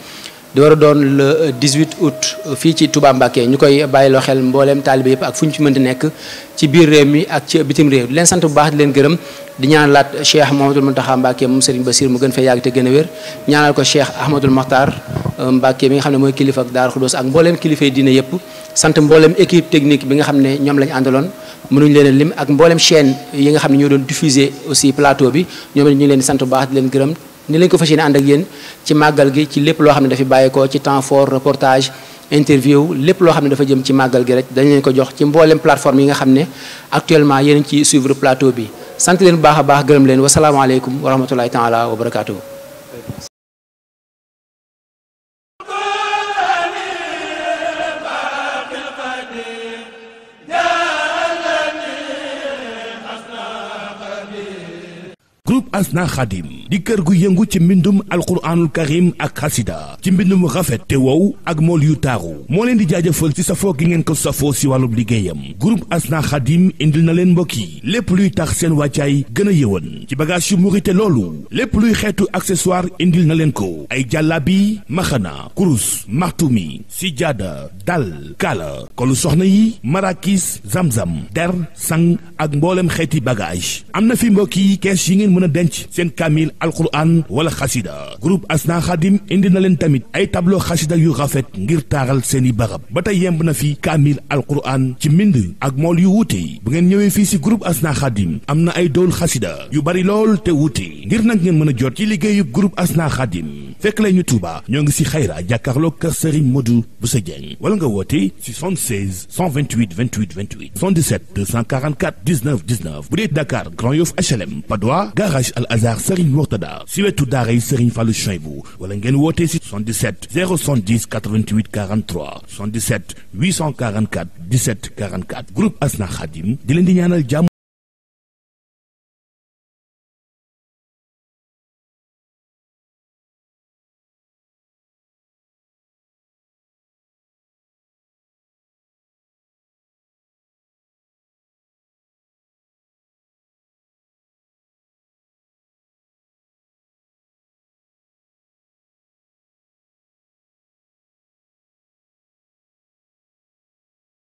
di war a doon le 18 euh, août euh, fii ci Touba Mbacké ñu koy bàyyiloo xel mbooleem taalibe yëpp ak fu ñu ci mënti nekk ci biir réew mi ak ci bitim réew di leen sant bu baax di leen gërëm di ñaanal laat Cheikh Mouhamadoul Mountakha Mbacké moom Serigne Bassir mu gën fee yàgg te gën a wér ñaanal ko Cheikh Ahmadoul Makhtar euh, Mbacké mi nga xam ne mooy kilifa ak Daaru Xudoos ak mbooleem kilifa yi diine yëpp sant mbooleem équipe technique bi nga xam ne ñoom lañu àndaloon mënuñu leen a lim ak mbooleem chaîne yi nga xam ne ñoo doon diffuser aussi plateau bi ñoo ñu leen di sant baax di leen gërëm ni lañ ko fas and ak yeen ci magal gi ci lepp lo xamne dafi bàyyeekoo ci temps fort reportage interview lepp lo xamne dafa jëm ci magal gi rek dañ leen ko jox ci mbollem plateforme yi nga xamne actuellement yeen ci suivre plateau bi sant leen bu baax a leen wa salaamu alaykum wa rahmatullahi taala wa barakatuh Groupe Asna Khadim di kër gu yëngu ci mbindum alquranul karim ak xasida ci mbindum rafet te wow ak mol yu taaru moo leen di jaajëfal ci safoo gi ngeen ko safoo si wàllub liggéeyam groupe asna khadim indil na leen mbokk yi lépp luy tax seen wàccaay gën a yëwan ci bagage yu murite loolu lépp luy xeetu accessoire indil na leen ko ay jàllaabi maxana kurus martumi si jaada dal kala, kolu soxna yi marakis zamzam der sang ak mboolem xeeti bagage Amna fi mbokk yi kees yi ngeen mën denc seen kamil alquran wala xasida groupe asna xadim indi na leen tamit ay tableau xasida yu rafet ngir taaral seeni barab ba tey yemb na fi kaamil alquran ci mbind ak mool yu wuute bu ngeen ñëwee fii si groupe asna xadim am na ay dool xasida yu bari lool te wuti ngir nag ngeen mën a jot ci liggéeyub groupe asna xadim fekk lay ñu Touba ñoo ngi si xayra jàkkaarloo kër Serigne Modou Bousso Dieng wala nga woote 76 128 28 28 77 244 19 19 bu dee Dakar Grand Yoff HLM Padois garage Al Azhar Murtada si wetu yi Serigne Fallou Chaybou wala ngeen wootee 77 070 88 43 77 844 17 44 groupe Asna Khadim Dilendi